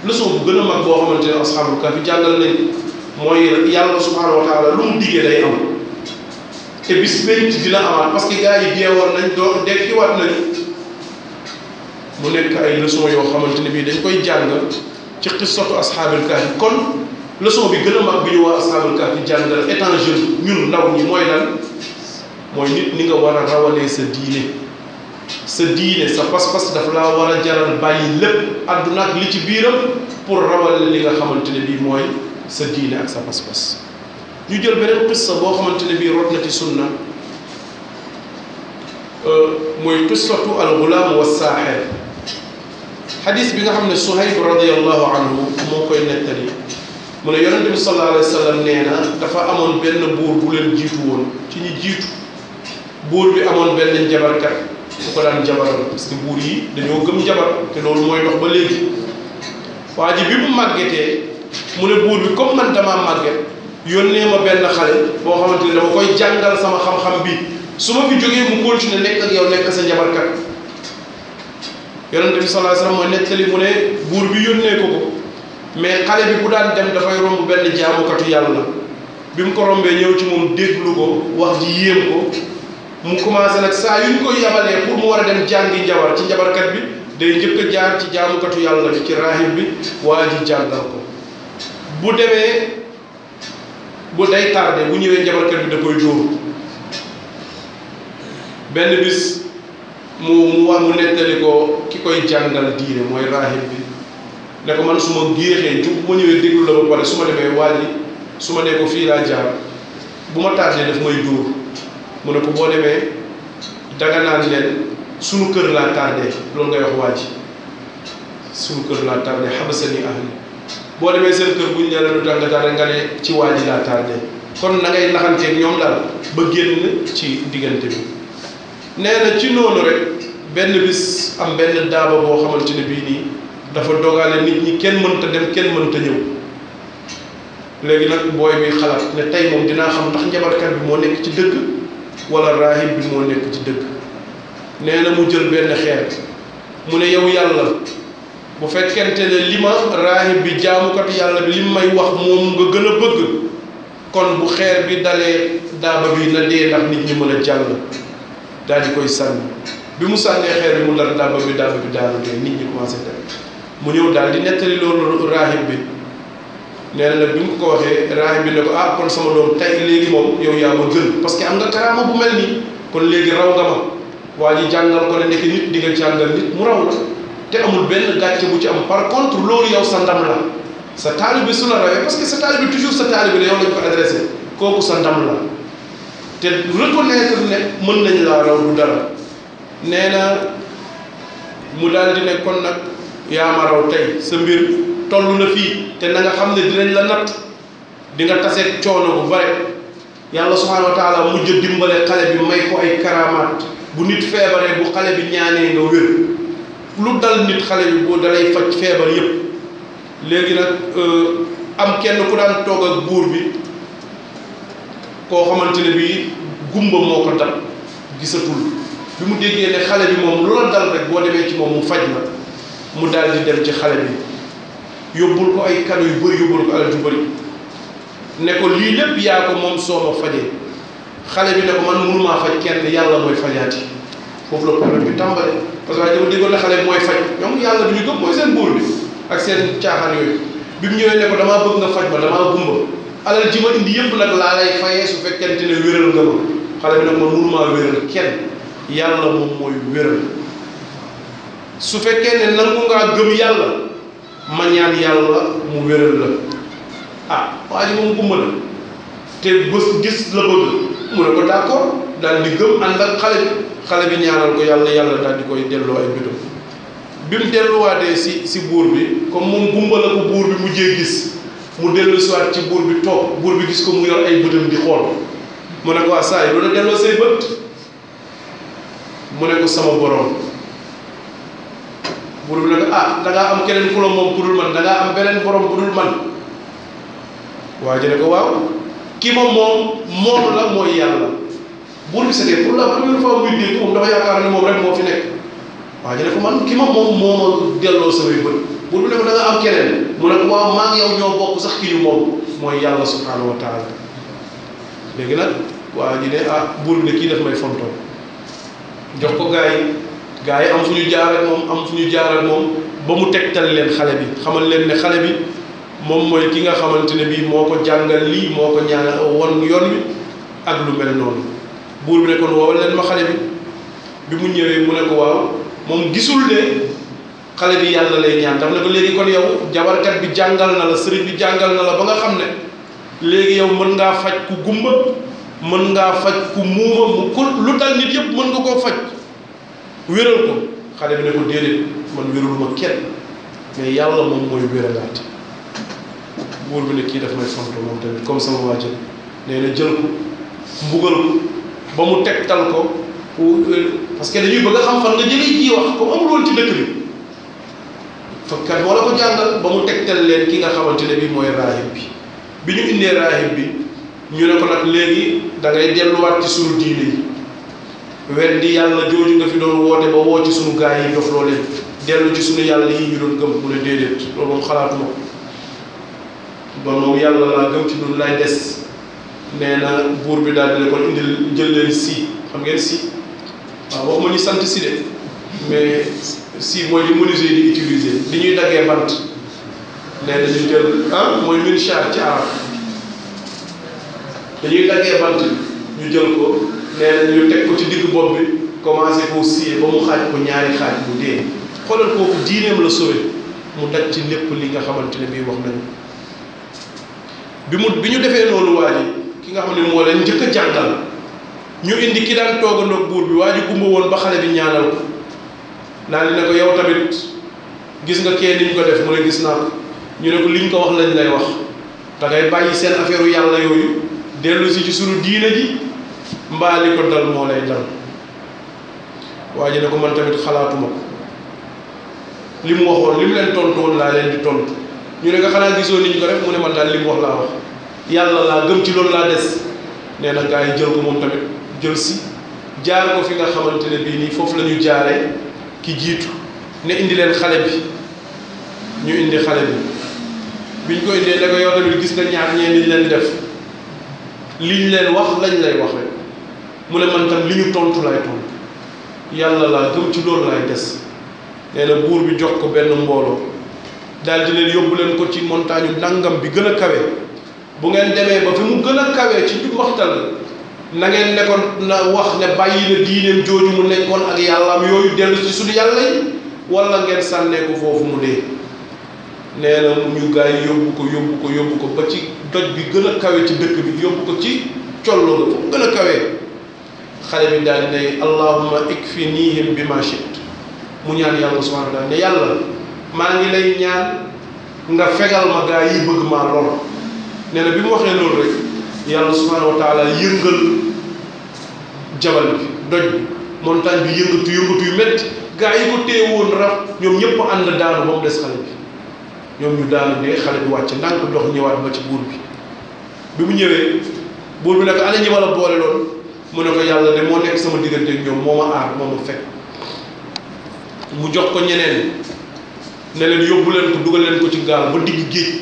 leçon bu gën a mag boo xamante ne asxaabul kahfi jàngal nañ mooy yàlla subhanahu wa taala lu mu diggee day am te bis benn dina amaat parce que gars yi deewoon nañ doo dekkiwaat nañ mu nekk ay leçon yoo xamante ne bii dañ koy jàng ci xissatu asxaabul kahf kon leçon bi gën a mag bi ñu waa asxaabul kahf di jàngal étant jeune ñun ndaw ñi mooy lan mooy nit ni nga war a rawalee sa diine sa diine sa pas-pas daf laa war a jaral bàyyi lépp àdduna li ci biiram pour rawale li nga xamante ne bii mooy sa diine ak sa pas-pas ñu jël beneen qissa boo xamante ne bii rot na ci sunna euh, mooy qissatu al-gulaam wa saaxir xadis bi nga xam ne Suhayb radiyallahu anhu moo koy nettali mu ne yonente bi sallallahu alayhi wa sallam nee na dafa amoon benn buur bu jiitu woon ci ñi jiitu buur bi amoon benn njabarkat bu ko daan jabaral que buur yi dañoo gëm jabar te loolu mooy dox ba léegi waa ji bi mu màggetee mu ne buur bi comme man damaa màgget yónnee ma benn xale boo xamante ne dama koy jàngal sama xam-xam bi su ma fi jógee mu continuer nekk ak yow nekk sa njabarkat yonente bi sallallahu alayhi wasallam mooy buur bi yónnee mais xale bi bu daan dem dafay romb benn jaamukatu yàlla bi mu ko rombee ñëw ci moom déglu ko wax ji yéem ko nag saa yu ñu koy yabalee pour mu war a dem jàngi njabar ci jabarkat bi day njëkk a jaar ci jaamukatu yàlla bi ci raahib bi waa ji jàngal ko bu demee bu day tardé bu ñëwee njabarkat bi da koy dóor benn bis mu mu wax mu nettali ko ki koy jàngal diine mooy raahib bi ne ko man suma ma géexee jub bu ma ñëwee déglu la ba pare su ma demee waa ji su ma ko fii laa jaar bu ma tardé daf may dóor mu ne ko boo demee danga naan leen sunu kër laa tardé loolu ngay wax waa ji sunu kër laa tardé xabasani ahli boo demee seen kër buñ ne la lu tax nga ne ci waa ji laa tardé kon na ngay naxanteeg ñoom daal ba génn ci diggante bi nee na ci noonu rek benn bis am benn daaba boo xamante ne bii nii dafa dogaale nit ñi kenn mënta dem kenn mënta ñëw léegi nag booy bi xalaat ne tey moom dinaa xam ndax njabarkat bi moo nekk ci dëgg wala raahib bi moo nekk ci dëgg nee na mu jël benn xeer mu ne yow yàlla bu fekkente ne li ma raahib bi jaamukat yàlla bi li may wax moom nga gën a bëgg kon bu xeer bi dalee daaba bi na dee ndax nit ñi mën a jàll daal di koy sànni bi mu sànnee xeer bi mu lar daaba bi daaba bi daanu dee nit ñi commencé dem di nettali loolu raahib bi nee na nag bi mu ko waxee raahib bi na ko ah kon sama doom tay léegi moom yow yaa ma gën parce que am nga karaama bu mel nii kon léegi raw nga ma waa ji jàngal ko ne nekk nit di nga jàngal nit mu raw te amul benn gàcce bu ci am par contre loolu yow sa ndam la sa taalibe su la rawee parce que sa taalibe toujours sa taalibe la yow lañ ko adressé kooku sa ndam la te reconnaître ne mën nañ laa raw du dara nee na mu daal di ne kon nag yaa ma raw tey sa mbir toll na fii te na xam ne dinañ la natt di nga taseeg coono bu bare yàlla subhanahu wa taala mujj dimbale xale bi may ko ay karamaat bu nit feebaree bu xale bi ñaanee nga wér lu dal nit xale bi boo dalay faj feebar yépp léegi nag euh, am kenn ku daan toog ak buur bi koo xamante ne bii gumba moo ko dal gisatul bi mu déggee ne xale bi moom lu la dal rek boo demee ci moom mu faj la mu daal di dem ci xale bi yóbbul ko ay kado yu bëri yóbbul ko alal ju bëri ne ko lii lépp yaa ko moom soo ma fajee xale bi ne ko man mënumaa faj kenn yàlla mooy fajaati foofu la problème bi tàmbale parce que waaye dama déggoon ne xale mooy faj ñoom yàlla bi ñu gëm mooy seen buur bi ak seen caaxaan yooyu bi mu ñëwee ne ko damaa bëgg nga faj ma damaa gumba alal ji indi yëpp nag laa lay fayee su fekkente ne wéral nga ma xale bi nag man mënumaa wéral ne nangu ngaa gëm yàlla ma ñaan yàlla mu wéral la ah waa moom gumba la te bés gis la bëgg mu ne ko d'accord daal di gëm ànd ak xale bi xale bi ñaanal ko yàlla yàlla daal di koy delloo ay mbiram bi mu delluwaatee si si buur bi comme moom gumba la ko buur bi mu jee gis mu dellu si waat ci buur bi toog buur bi gis ko mu yor ay bëtam di xool mu ne ko waa sama borom buur bi ne ko ah da am keneen ku la moom ku dul man da ngaa am beneen borom ku dul man waa ji ko waaw ki ma moom moom la mooy yàlla buur bi c'était pour la première fois muy moom dafa yaakaar ne moom rek moo fi nekk waa ji ne ko man ki ma moom moo ma delloo samay bët buur bi ne ko da nga am keneen mu ne ko maa ngi yow ñoo bokk sax kii ñu moom mooy yàlla subhanahu wa taala léegi nag waa ji ne ah buur bi ne kii daf may fontoo jox ko gars yi gars yi am fu ñu jaar ak moom am fu ñu jaar ak moom ba mu tegtal leen xale bi xamal leen ne xale bi moom mooy ki nga xamante ne bii moo ko jàngal lii moo ko ñaanal yoon wi lu mel noonu buur bi ne kon woowal leen ma xale bi bi mu ñëwee mu ne ko waaw moom gisul ne xale bi yàlla lay ñaan daf ne ko léegi kon yow jabarkat bi jàngal na la sëriñ bi jàngal na la ba nga xam ne léegi yow mën ngaa faj ku gumba mën ngaa faj ku muuma mu ku lu dal nit yëpp mën nga koo faj wéral ko xale bi ne ko déedéet man wéraluma kenn mais yàlla moom mooy wéralaate buur bi ne kii daf may sant moom tamit comme sama waajal nee na jël ko mbugal ko ba mu tegtal ko pour euh, parce que dañuy bëgg a xam fan nga jëlee ji wax comme amul woon ci dëkk bi fakkat moo ko jàngal ba mu tegtal leen ki nga xamante ne bi mooy raahib bi bi ñu indee raahib bi ñu ne ko nag léegi da ngay delluwaat ci sunu diine yi weddi yàlla jooju nga fi doon woote ba woo ci sunu gaay yi dof loo dellu ci suñu yàlla yi ñu doon gëm mu ne déedéet loolu moom xalaatuma ba moom yàlla laa gëm ci dund laay des nee na buur bi daal dina kon indil jël leen si xam ngeen si waaw waxuma ñu sant si de mais si mooy li menuisier di li ñuy daggee bant nee na ñu jël ah mooy minchar ci arab dañuy daggee bant ñu jël ko nee ñu teg ko ci digg bopp bi commencé koo siyee ba mu xaaj ko ñaari xaaj bu dee xoolal kooku diineem la sauvé mu daj ci lépp li nga xamante ne bii wax nañu bi mu bi ñu defee noonu waa ji ki nga xam ne moo leen njëkk jàngal ñu indi ki daan toogandoog buur bi waa ji gumba woon ba xale bi ñaanal ko naa li ne ko yow tamit gis nga kee niñ ko def mu ne gis naa ko ñu ne ko liñ ko wax lañ lay wax da ngay bàyyi seen affaire yàlla dellu si ci sunu diine ji mbaa li ko dal moo lay dal waa ji ne ko man tamit xalaatuma ko li mu waxoon li mu leen tontu woon laa leen di tontu ñu ne nga xanaa gisoo ni ñu ko def mu ne man daal li mu wax laa wax yàlla laa gëm ci loolu laa des nee na gaa yi jël ko moom tamit jël si jaar ko fi nga xamante ne bii nii foofu la jaaree ki jiitu ne indi leen xale bi ñu indi xale bi biñ ko indee da nga yow gis nga ñaar ñee liñ leen def liñ leen wax lañ lay wax rek mu ne man tam li tontu lay tontu yàlla laa gëm ci loolu lay des nee na buur bi jox ko benn mbooloo daal di leen yóbbu leen ko ci montagne ndàngam bi gën a kawe. bu ngeen demee ba fi mu gën a kawee ci ju na ngeen ne kon na wax ne bàyyi na diineem jooju mu nekkoon ak yàllaam yooyu dellu ci suñu yàlla yi wala ngeen sànnee ko foofu mu dee nee na mu ñu gars yi yóbbu ko yóbbu ko yóbbu ko ba ci doj bi gën a kawe ci dëkk bi yóbbu ko ci collo nga fu gën a kawee xale bi daal di ne allahumma ikfinihim bi ma mu ñaan yàlla subhanahu wa ne yàlla maa ngi lay ñaan nga fegal ma gaa yi bëgg maa lool nee bi mu waxee loolu rek yàlla subhanahu wa yëngal jabal bi doj montagne bi yëngatu yëngatu yu métti gaa yi ko téye woon raf ñoom ñëpp ànd daanu ba mu des xale bi ñoom ñu daanu dee xale bi wàcc ndànk dox ñëwaat ba ci buur bi bi mu ñëwee buur bi nag ana ñi ma boole loon mu ne ko yàlla de moo nekk sama diggante ak ñoom moo ma aar moo ma fekk mu jox ko ñeneen ne leen yóbbu leen ko dugal leen ko ci gaal ba digg géej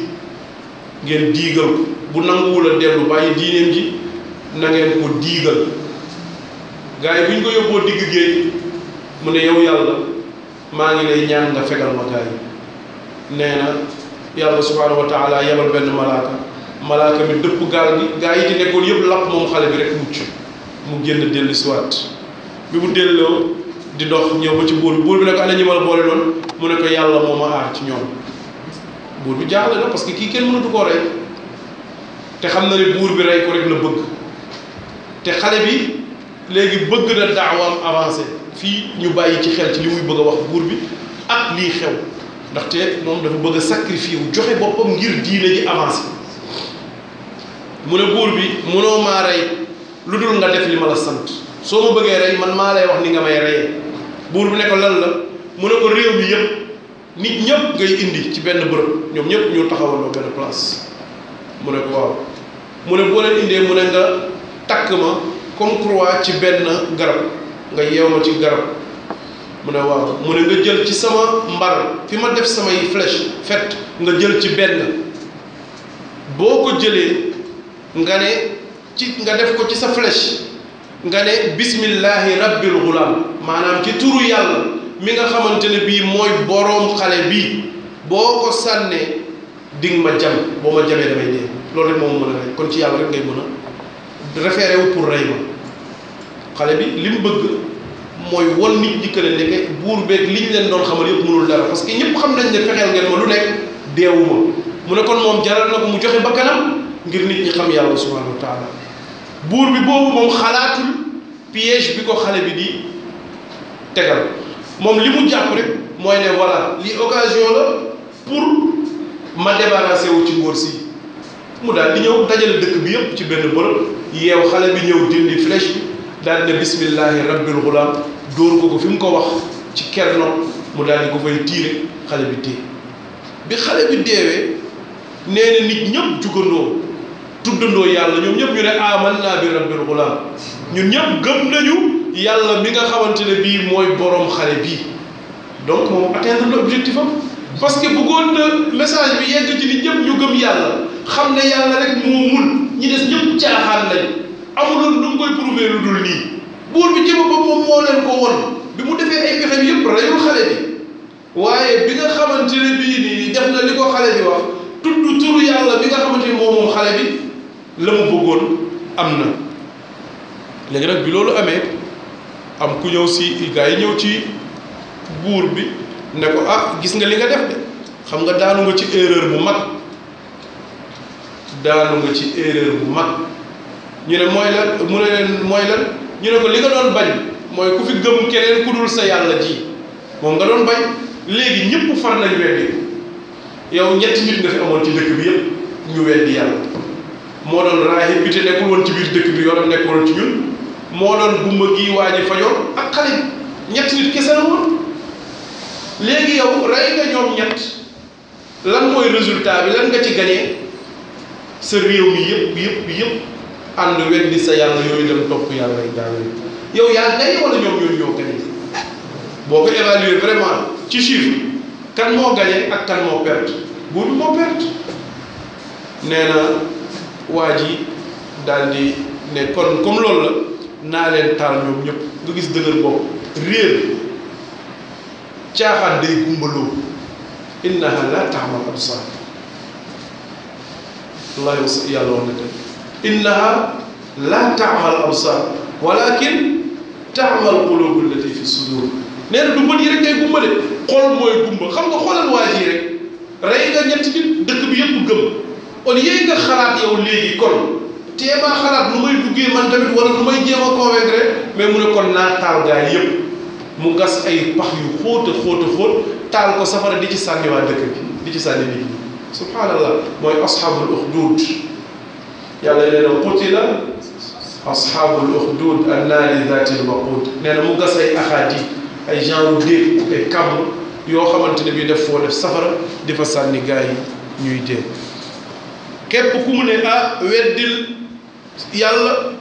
ngeen diigal ko bu nanguwul a dellu bàyyi diineem ji na ngeen ko diigal gars yi bu ñu ko yóbboo digg géej mu ne yow yàlla maa ngi lay ñaan nga fegal ma gars yi nee na yàlla subhaanahu wa taala yebal benn malaaka malaaka mi dëpp gaal gi gars yi di nekkoon yëpp lapp moom xale bi rek mucc mu génn dellu siwaat bi mu delloo di dox ñëw ba ci buur buur bi ne ko ana ñi ma la mu ne ko yàlla moo ma aar ci ñoom buur bi jaaxle na parce que kii kenn mënatu koo rey te xam na ne buur bi rey ko rek la bëgg te xale bi léegi bëgg na daawaam avancé fii ñu bàyyi ci xel ci li muy bëgg a wax buur bi ak lii xew ndaxte moom dafa bëgg a sacrifié wu joxe boppam ngir diine ji avancé mu ne buur bi mënoo maa rey lu dul nga def li ma la sant soo ma bëggee rey man maa lay wax ni nga may reyee buur bi ne ko lan la mu ne ko réew mi yëpp nit ñëpp ngay indi ci benn bërëb ñoom ñëpp ñu taxawandoo benn place mu ne ko waaw mu ne boo leen indee mu ne nga takk ma comme ci benn garab nga yeew ma ci garab mu ne waaw mu ne nga jël ci sama mbar fi ma def samay flèche fet nga jël ci benn boo ko jëlee nga ne ci nga def ko ci sa flèche nga ne bismillahi rabbil ghulam maanaam ci turu yàlla mi nga xamante ne bii mooy boroom xale bii boo ko sànnee dig ma jam boo ma jamee damay dee loolu rek moom mën a rey kon ci yàlla rek ngay mën a référé wu pour rey ma xale bi li mu bëgg mooy won nit ñi que ne ndeke buur beeg liñ leen doon xamal yëpp mënul dara parce que ñëpp xam nañ ne fexeel ngeen ma lu nekk deewuma mu ne kon moom jaral na ko mu joxe bakkanam ngir nit ñi xam yàlla subhanahu wa taala buur bi boobu moom xalaatul piège bi ko xale bi di tegal moom li mu jàpp rek mooy ne voilà li occasion la pour ma débarrassé wu ci ngóor si mu daal di ñëw dajale dëkk bi yëpp ci benn bërëb yeew xale bi ñëw dindi flèche bi daal ne bismillahi rabbil ghulam dóor ko ko fi mu ko wax ci kerno mu daal di ko fay tiire xale bi dee bi xale bi deewee nee na nit ñëpp jugandoo tuddandoo yàlla ñoom ñëpp ñu ne aman naa bi rabbil ghulam ñun ñëpp gëm nañu yàlla mi nga xamante ne bii mooy borom xale bii donc moom atteindre l'objectif am parce que bëggoon na message bi yegg ci li ñëpp ñu gëm yàlla xam ne yàlla rek moo mun ñi des ñëpp caaxaan lañ amuloon lu mu koy prouver lu dul nii buur bi ci boppam moom moo leen ko won bi mu defee ay pexem yëpp reyul xale bi waaye bi nga xamante ne bii nii def na li ko xale bi wax tudd turu yàlla bi nga xamante ni moom xale bi la mu bëggoon am na léegi nag bi loolu amee am ku ñëw si gars yi ñëw ci buur bi ne ko ah gis nga li nga def de xam nga daanu nga ci erreur bu mag daanu nga ci erreur bu mag ñu ne mooy lan mu ne leen mooy lan ñu ne ko li nga doon bañ mooy ku fi gëm keneen ku dul sa yàlla ji moom nga doon bañ léegi ñëpp far nañ weddi yow ñetti nit nga fi amoon ci dëkk bi yëpp ñu weddi yàlla moo doon raahib bi te nekkul woon ci biir dëkk bi yoonam nekkul woon ci ñun moo doon gumba gii waa ji fajoon ak xale bi ñett nit kese la woon léegi yow rey nga ñoom ñett lan mooy résultat bi lan nga ci gañee sa réew mi yëpp yëpp yëpp ànd weddi sa yàlla yooyu dem topp yàlla yi daal yow yaa gañe wala ñoom ñooñu ñoo gañe boo ko évaluer vraiment ci chiffre kan moo gañe ak kan moo perte bu ñu moo perte nee na waa ji daal di ne kon comme loolu la naa leen taal ñoom ñëpp nga gis dëgër bopp réer caaxaan day gumbaloo innaha la taxmal absar wallahi was yàlla wax na dëgg innaha la taxmal absar walakin taxmal qulubu allati fi sudur nee na du bët yi rek ngay de xool mooy gumba xam nga xoolal waa ji rek rey nga ñetti nit dëkk bi yëpp gëm on yéeg nga xalaat yow léegi kon teemaa xalaat lu may duggee man tamit wala lu may jéem a convaincre mais mu ne kon naa taal gaal yépp mu gas ay pax yu xóota xóota xóot taal ko safara di ci sànni waa dëkk bi di ci sànni nit ñi subhaanallah mooy asxaabul uxduud yàlla nee na qutila asxaabul uxduud annaari daatil waquud nee na mu gas ay axaat ay genre déeg ay kàmm yoo xamante ne bii def foo def safara di fa sànni gars yi ñuy dee képp ku mu ne ah, weddil yàlla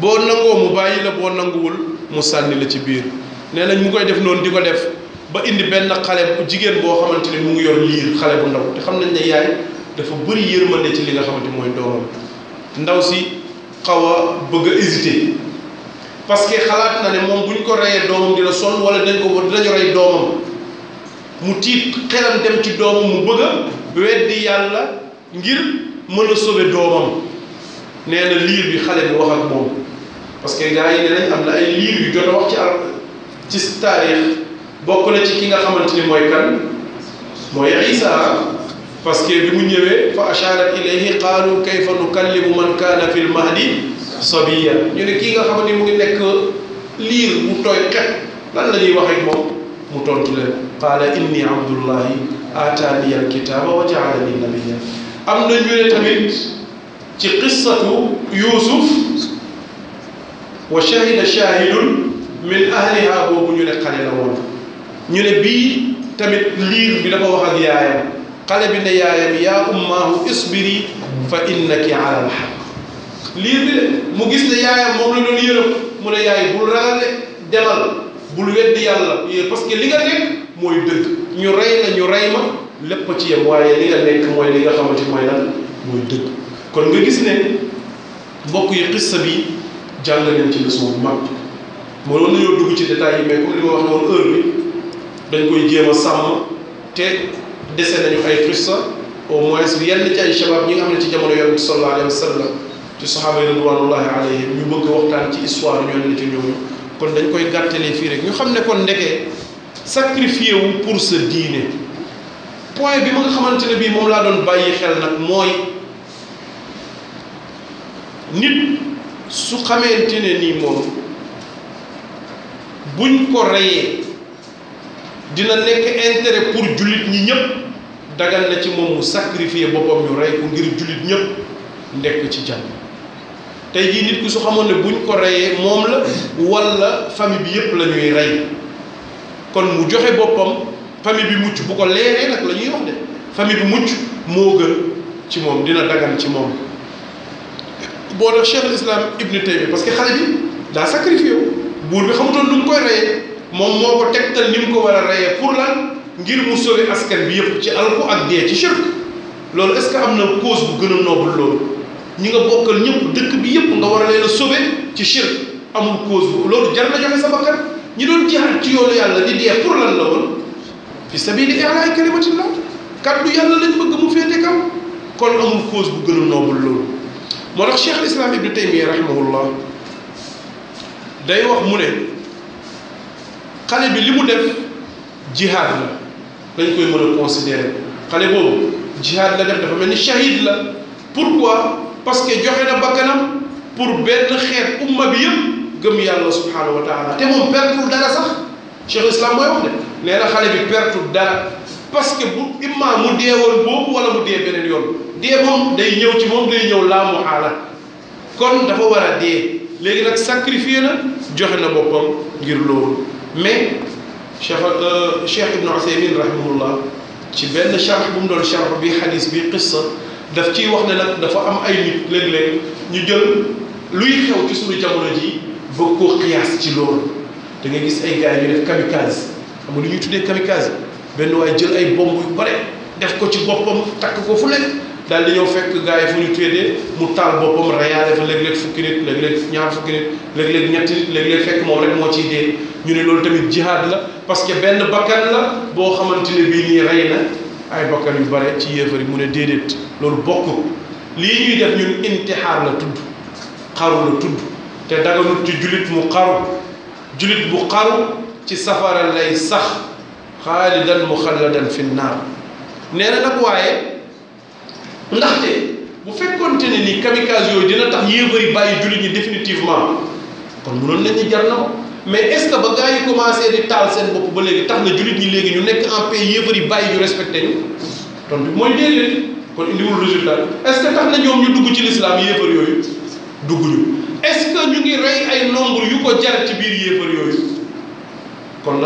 boo nangoo mu bàyyi la boo nanguwul mu sànni la ci biir nee nañ mu koy def noonu di ko def ba indi benn xale bu jigéen boo xamante ni mu ngi yor liir xale bu ndaw te xam nañ ne yaay dafa bëri yërmande ci li nga xamante mooy doomam ndaw si xaw a bëgg a hésité parce que xalaat na ne moom bu ñu ko reyee doomam dina sonn wala dañ ko dinañu rey doomam mu tiit xelam dem ci doomam mu bëgg a weddi yàlla ngir mën a sauver doomam nee na liir bi xale bi wax moom parce que gars am na ay liir yu jot a wax ci ar ci taarix bokk na ci ki nga xamante ni mooy kan mooy Isa parce que bi mu ñëwee fa asharat ilayhi qaalu kayfa nukallimu man kaana fi lmahdi sabiya ñu ne kii nga xamante ni mu ngi nekk liir mu tooy xet lan la ñuy wax ak moom mu tontu leen qaala inni abdullahi aataani alkitaaba wa jaalani nabiya am na ñu ne tamit ci qissatu Yuusuf wa shahida shahidun min ahliha boobu ñu ne xale la woon ñu ne bii tamit liir bi dafa wax ak yaayam xale bi ne yaayam yaa ummaahu isbiri fa innaki ala alxaq liir bi de mu gis ne yaayam moom la doon yërëm mu ne yaay bul ragal de demal bul weddi yàlla parce que li nga nekk mooy dëgg ñu rey la ñu rey ma lépp ci yem waaye li nga nekk mooy li nga xamante mooy lan mooy dëgg kon nga gis ne bokk yi xissa bi jàng nañ ci leçon bu mag mënoon nañoo dugg ci détails yi mais comme li ma wax noonu heure bi dañ koy jéem a sàmm te dese nañu ay xissa au moins yenn ci ay shabab ñi nga xam ne ci jamono yonent sallallahu alayhi wa sallam ci saxaaba yi ridwanullahi alayhim ñu bëgg waxtaan ci histoire ñoo ne ci ñooñu kon dañ koy gàttalee fii rek ñu xam ne kon ndekee sacrifié wu pour sa diine point bi ma nga xamante ne bii moom laa doon bàyyi xel nag mooy nit su xamante ne nii moom buñ ko reyee dina nekk intérêt pour jullit ñi ñëpp dagal na ci moom mu sacrifier boppam ñu rey ko ngir jullit ñëpp nekk ci jàmm tey jii nit ku su xamoon ne buñ ko reyee moom la walla famille bi yëpp la ñuy rey kon mu joxe boppam famille bi mucc bu ko leeree nag la ñuy wax de bi mucc moo gën ci moom dina dagan ci moom boo tax cheikh al islam ibnu taymiya parce que xale bi daa sacrifié wu buur bi xamutoon lu mu koy reyee moom moo ko tegtal ni mu ko war a reyee pour lan ngir mu sauver askan bi yëpp ci alku ak dee ci shirk loolu est-ce que am na cause bu gën a noble loolu ñi nga bokkal ñëpp dëkk bi yëpp nga war a leen sobe ci shirk amul cause bu loolu jar na joxe sa bakkan ñi doon jihaad ci yoonu yàlla di dee pour lan la woon fi sabili i'laa'i kat kaddu yàlla lañ bëgg mu féete kaw kon amul cause bu gën a noble loolu moo tax cheikh alislaam ibnu taymiya rahimahullah day wax mu ne xale bi li mu def jihaad la dañ koy mën a considérer xale boobu jihaad la def dafa mel ni shahid la pourquoi parce que joxe na ba bakkanam pour benn xeet umma bi yëpp gëm yàlla subhaanahu wa taala te moom pertul dara sax cheikh islam mooy wax ne nee na bi pertul dara parce que bu imma mu dee woon boobu wala mu dee beneen yoon dee moom day ñëw ci moom day ñëw laamu aala kon dafa war a dee léegi nag sacrifié na joxe na boppam ngir loolu mais cheikh euh, cheikh ibnu Usaymin rahimahullah ci benn charx bu mu doon charx bi xadis bi qissa daf ciy wax ne nag dafa am ay nit léeg-léeg ñu jël luy xew ci suñu jamono ji bëgg ci loolu da nga gis ay gars yi ñu def kamikaze xam nga lu ñuy tuddee kamikaze benn waaye jël ay bomb yu bare def ko ci boppam takk ko fu nekk daal di ñëw fekk gars yi fu ñu tuddee mu taal boppam reyaale fa léeg-léeg fukki nit léeg-léeg ñaar fukki nit léeg-léeg ñetti nit léeg fekk moom rek moo ci dee ñu ne loolu tamit jihaad la parce que benn bakkan la boo xamante ne bii nii rey na ay bakkan yu bare ci yéefar yi mu ne déedéet loolu bokkul lii ñuy def ñun intixaar la tudd xaru la tudd te daganut ci jullit mu xaru jullit bu xaru ci safara lay sax xaalidan muxalladan fi naar nee na nag waaye ndaxte bu fekkonte ne ni kamikaze yooyu dina tax yéefar yi bàyyi jullit ñi définitivement kon mënoon nañu jar na mais est ce que ba gars yi commencé di taal seen bopp ba léegi tax na jullit ñi léegi ñu nekk en paix yéefar yi bàyyi ñu respecté ñu tontu bi mooy déedéet kon indiwul résultat est ce que tax na ñoom ñu dugg ci lislaam yéefar yooyu dugguñu est ce que ñu ngi rey ay nombre yu ko jar ci biir yéefar yooyu kon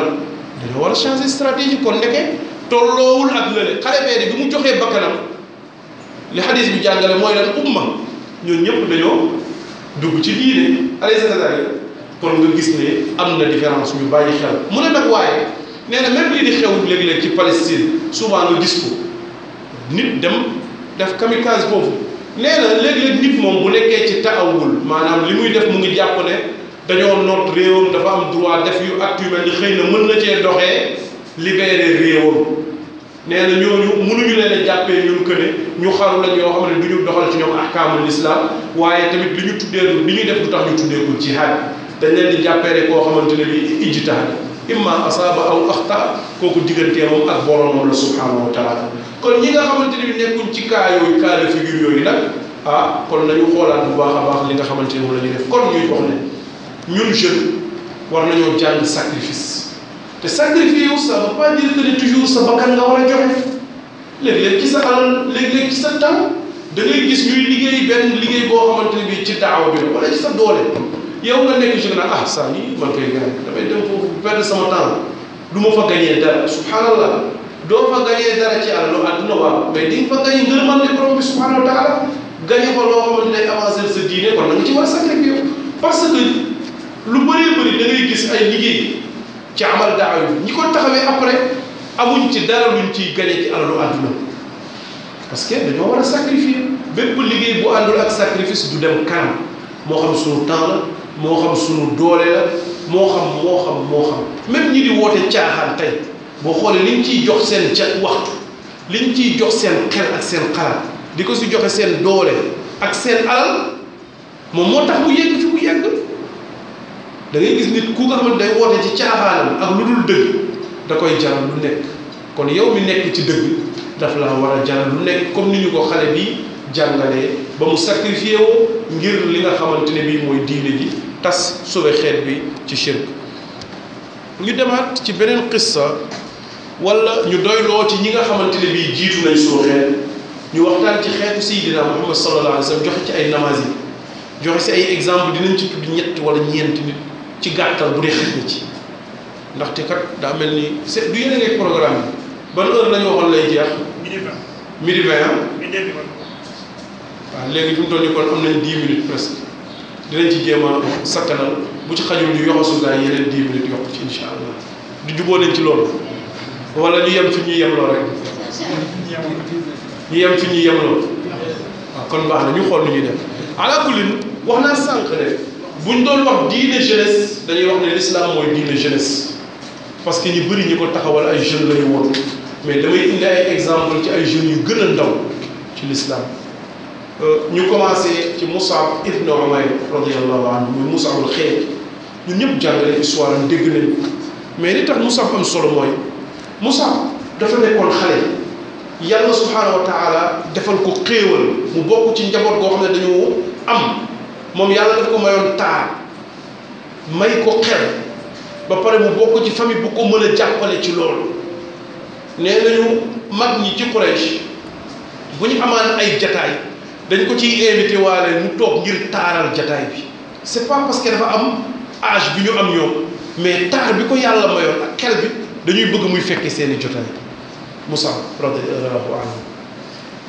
dañoo war a changer stratégie kon ndeke tolloowul na lële xale bee bi mu joxee bakkanam li xadis bi jàngale mooy lan umma ñoom ñëpp dañoo dugg ci diine alayhi salaam pour nga gis ne am na différence ñu bàyyi xel mu ne nag waaye nee na même lii di xew léeg-léeg ci Palestine souvent nga gis ko nit dem def kamikaze boobu nee léeg-léeg nit moom bu nekkee ci taawul maanaam li muy def mu ngi jàpp ne. dañoo noot réewam dafa am droit def yu acte yu mel ni xëy na mën na cee doxee libéré réewam nee na ñooñu mënuñu leen a jàppee ñun que ne ñu xaru lañ yoo xam ne du ñu doxal ci ñoom ahkaamul islam waaye tamit li ñu tuddee li ñuy def lu tax ñu tuddee ko dañ leen di jàppee rek koo xamante ne bii ijtihaad imma asaaba aw axta kooku digganteemam ak boromam la subhaanahu wa taala kon ñi nga xamante ne bi nekkuñ ci cas yooyu cas de figure yooyu nag ah kon nañu xoolaat bu baax li nga xamante ne moom la ñuy def kon ñuy wax ne. ñun jeune war nañoo jàng sacrifice te sacrifice ça veut pas dire que ni sa bakkan nga war a joxe léeg-léeg ci sa alal léeg-léeg ci sa temps da ngay gis ñuy liggéey benn liggéey boo xamante ne bii ci daawa bi la wala ci sa doole yow nga nekk jeune naan ah saa nii man koy gagné damay dem foofu sama temps du ma fa gagné dara subhanallah doo fa gagné dara ci àlalu àdduna waaw mais di nga fa gagné ngërmal ne borom bi subhanahu wa taala gagné ko ne day avancer diine kon na nga ci war a sacrifier parce que lu bëree bëri da ngay gis ay liggéey ci amal daaw yi ñi ko taxawee après amuñ ci dara luñ ciy gañe ci alalu àdduna parce que dañoo war a sacrifier bépp liggéey bu àndul ak sacrifice du dem kanam moo xam suñu temps moo xam sunu doole la moo xam moo xam moo xam même ñi di woote caaxaan tey boo xoolee liñ ciy jox seen ca waxtu liñ ciy jox seen xel ak seen xalaat di ko si joxe seen doole ak seen alal moom moo tax mu yegg fi da ngay gis nit ku nga xamante day woote ci caaxaanam ak lu dul dëgg da koy jaral lu nekk kon yow mi nekk ci dëgg daf la war a jaral lu nekk comme ni ñu ko xale bi jàngalee ba mu sacrifié woo ngir li nga xamante ne bii mooy diine ji tas sauvé xeet bi ci shirk ñu demaat ci beneen qissa wala ñu doyloo ci ñi nga xamante ne bii jiitu nañ suñu xeet ñu waxtaan ci xeetu sayyidina Muhammad sallallahu alayhi joxe ci ay namaz yi joxe si ay exemple dinañ ci tudd wala ñeenti nit ci gàttal bu dee xëj ci ndaxte kat daa mel ni c'est du yéen a nekk programme ban heure la ñu waxoon lay jeex. midi vingt midi vingt ah? midi vingt waaw léegi am nañ dix minutes presque dinañ ci jéem a sakkanal bu ci xajul ñu yoxasu gaa yeneen dix minutes yokk ci incha allah di juboo leen ci loolu wala ñu yem fi ñuy yem lool rek ñu ñuy yem lool waaw kon baax na ñu xool nu ñuy def alaakulli wax naa sànq de. buñ doon wax diine jeunesse dañuy wax ne l'islam mooy diine jeunesse parce que ñu bëri ñu ko taxawal ay jeunes lañu woon mais damay indi ay exemple ci ay jeunes yu gën a ndaw ci l'islam euh, ñu commencé ci Musab ibn Umayr radiyallahu anhu muy Musabul Xayr ñun ñëpp jàngale histoire am dégg nañu mais li tax Musab am solo mooy Musab dafa nekkoon xale yàlla subhaanahu wa ko xéewal mu ci njaboot goo xam dañoo am moom yàlla daf ko mayoon taar may ko xel ba pare mu bokk ci famille bu ko mën a jàppale ci loolu nee nañu mag ñi ci Quraysh bu ñu amaan ay jataay dañ ko ciy invité waale mu toog ngir taaral jataay bi c'est pas parce que dafa am âge bi ñu am ñoom mais taar bi ko yàlla mayoon ak xel bi dañuy bëgg muy fekkee seeni jotaay Musa radiyallahu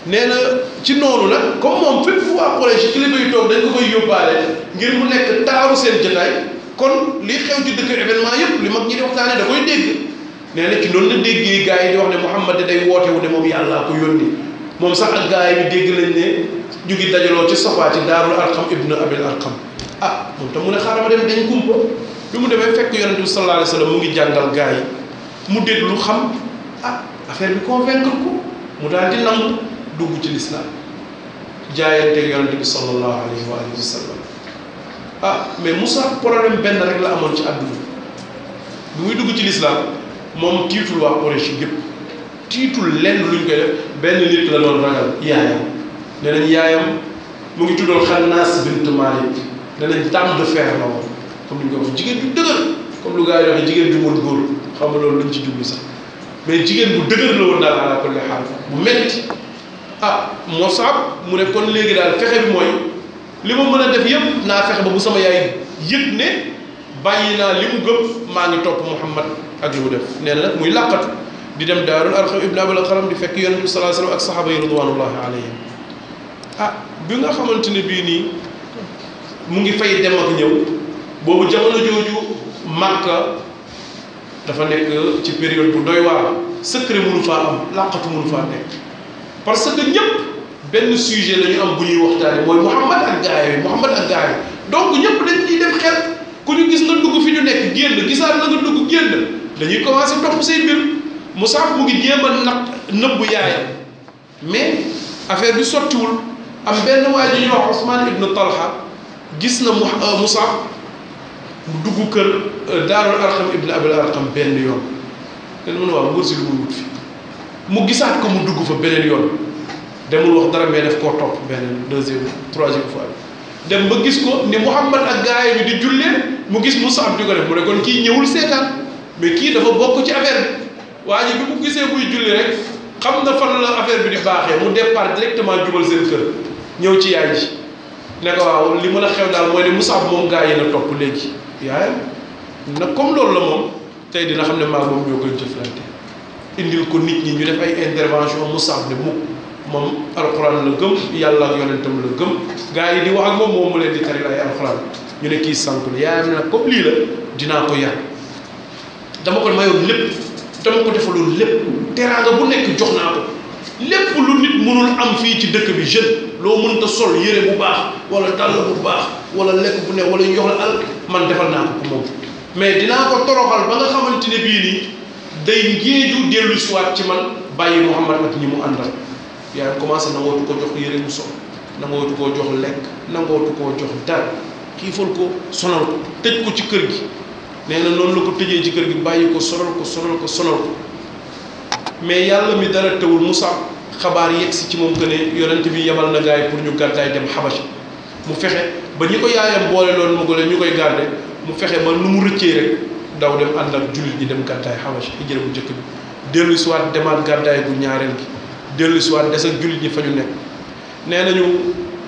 nee na ci noonu nag comme moom fépp fu waa Quraysh kilifa yu toog dañ ko koy yóbbaale ngir mu nekk taaru seen jotaay kon li xew ci dëkk événement yëpp li mag ñi di waxtaane da koy dégg nee na ci noonu la déggee gars yi di wax ne Muhammad day woote wu ne moom yàllaa ko yónni moom sax ak gars yi dégg nañ ne ñu ngi dajaloo ci Safa ci Daarul Arqam ibnu Abil Arqam ah moom tam mu ne xaaral ma dem dañ kumpa bi mu demee fekk yonente bi sallallahu alayhi wa sallam mu ngi jàngal gars yi mu xam ah affaire bi convaincre ko mu daal di nangu dugg ci lislaam jaayanteeg yonente bi sallallahu alayhi wa alihi wa sallam ah mais Moussa problème benn rek la amoon ci àdduna bi muy dugg ci lislaam moom tiitul waa Quraysh gépp tiitul lenn luñ koy def benn nit la doon ragal yaayam nee yaayam mu ngi tuddoon Xannaas bint Maalik nee nañ dame de la woon comme luñ ko wax jigéen ju dëgër comme lu gars yi waxee jigéen ju mën góor xam nga loolu luñ ci jublu sax mais jigéen bu dëgër la woon daal ala kulli xaal bu ah moo saab mu ne kon léegi daal fexe bi mooy li ma mën a def yëpp naa fexe ba bu sama yaay yëg ne bàyyi naa li mu gëm maa ngi topp Muhammad ak li mu def nee nag muy làqatu di dem daarul arxam ibn abul xaram di fekk yonent bi ak saxaaba yi ridwanullahi alayhim ah bi nga xamante ne bii nii mu ngi fay dem ak ñëw boobu jamono jooju Makka dafa nekk ci période bu doy waar secret mënu faa am làqatu mënu faa nekk parce que ñëpp benn sujet lañu am bu ñuy waxtaane mooy Muhammad ak gaay yi Muhammad ak gaay yi donc ñëpp dañ ciy def xel ku ñu gis na dugg fi ñu nekk génn gisaat na nga dugg génn dañuy commencé topp say mbir Musab mu ngi jéem a nag nëbbu yaayam mais affaire bi sottiwul am benn waa ji ñuy a Ousmane ibn Talha gis na Musab euh, mu dugg kër euh, Daarul Arqam ibn Abul Arqam benn yoon len mën a waaw nguur si lu muy wut fi mu gisaat ko mu dugg fa beneen yoon demul wax dara mais def koo topp beneen deuxième troisième fois dem ba gis ko ni Muhammad ak gaay bi di jullee mu gis mu Musab di ko def mu ne kon kii ñëwul seetaan mais kii dafa bokk ci affaire bi waa ji bi mu gisee buy julli rek xam na fan la affaire bi di baaxee mu départ directement jubal seen kër ñëw ci yaay ji ne ko waaw li mën a xew daal mooy mu Musab moom gaa yi la topp léegi yaayam na comme loolu la moom tey dina xam ne maa moom ñoo koy jëflante indil ko nit ñi ñu def ay intervention mu sax ne mukk moom alxuraan la gëm yàlla ak yonentam la gëm gars yi di wax ak moom moom mu leen di tari ay alxuraan ñu ne kii sant la yaayam nag comme lii la dinaa ko yar dama ko mayoon lépp dama ko defaloon lépp teraanga bu nekk jox naa ko lépp lu nit mënul am fii ci dëkk bi jeune loo mënta sol yére bu baax wala dàll bu baax wala lekk bu ne wala ñu jox la al man defal naa ko ko moom mais dinaa ko toroxal day ngéeju dellu si waat ci man bàyyi Muhammad ak ñi mu àndal yaa ngi commencé nangootu ko jox yére mu sol nangootu koo jox lekk nangootu koo jox dara xiifal ko sonal ko tëj ko ci kër gi nee na noonu la ko tëjee ci kër gi bàyyi ko sonal ko sonal ko sonal mais yàlla mi dara tewul Musa xabaar yegg si ci moom que ne yonent bi yebal na gaay pour ñu gàddaay dem ci mu fexe ba ñi ko yaayam boole loon mu gole ñu koy garde mu fexe ba nu mu rëccee rek daw dem ànd ak jullit ñi dem gàddaay xabash hijra bu njëkk bi dellu si waat demaat gàddaay bu ñaareel gi dellu si waat des ak jullit ñi fa ñu nekk nee nañu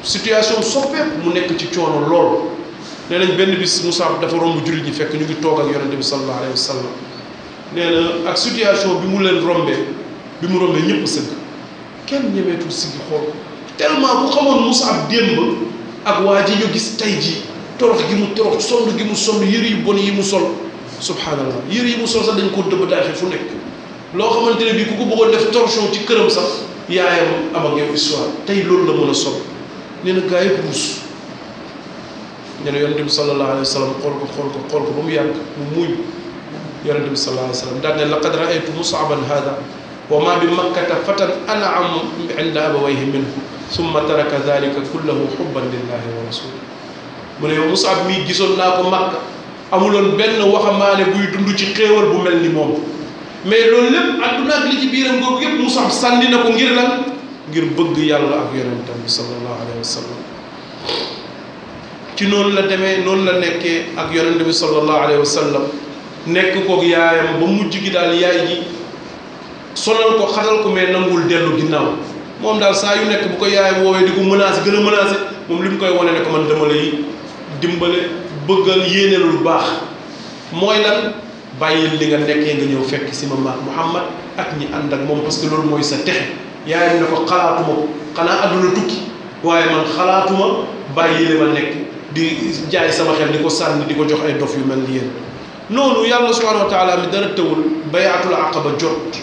situation soppeeku mu nekk ci coono lool nee nañ benn bis Musab dafa romb jullit ñi fekk ñu ngi toog ak yonente bi sallallahu alayhi wa sallam nee na ak situation bi mu leen rombee bi mu rombee ñëpp sëgg kenn ñemeetul siggi xool tellement bu xamoon Musab démb ak waa ji ñu gis tey ji torox gi mu torox sonn mu sonn yëri yu bon yi mu sol subhanallah yére yi mu sol sax dañ ko dëbb taaxe fu nekk loo xamante ne bii ku ko bëggoon def torsion ci këram sax yaayam am ak yow histoire tey loolu la mën a sol nee na gaa yi buus ñu ne yonente bi sallallahu alayhi wa sallam xool ko xool ko xool ko ba mu yàgg mu muuñ yonente bi sallallahu alayhi wa sallam daan ne laqad hada wa ma bi makkata fatan an'ama inda abawayhi minhu summa taraka dalika kullahu xubban lillahi wa makka amuloon benn waxambaane buy dund ci xéewal bu mel ni moom mais loolu lépp àdduna li ci biiram googu yépp mu sax sànni na ko ngir lan ngir bëgg yàlla ak yonentam bi sallallahu alayhi wa ci noonu la demee noonu la nekkee ak yonente bi sallallahu alayhi wa sallam nekk koog yaayam ba mujj gi daal yaay ji sonal ko xatal ko mais nanguwul dellu ginnaaw moom daal saa yu nekk bu ko yaayam woowee di ko menacer gën a menacer moom li mu koy wane ne ko man dama lay dimbale bëggal yéene lu baax mooy lan bàyyil li nga nekkee nga ñëw fekk si ma ma Muhammad ak ñi ànd ak moom parce que loolu mooy sa texe yaayam ne ko xalaatuma ko xanaa àdduna tukki waaye man xalaatuma bàyyi li ma nekk di jaay sama xel di ko sànni di ko jox ay dof yu mel ni yéen noonu yàlla subhanahu wa taala mi dara tëwul bayaatul aqaba jot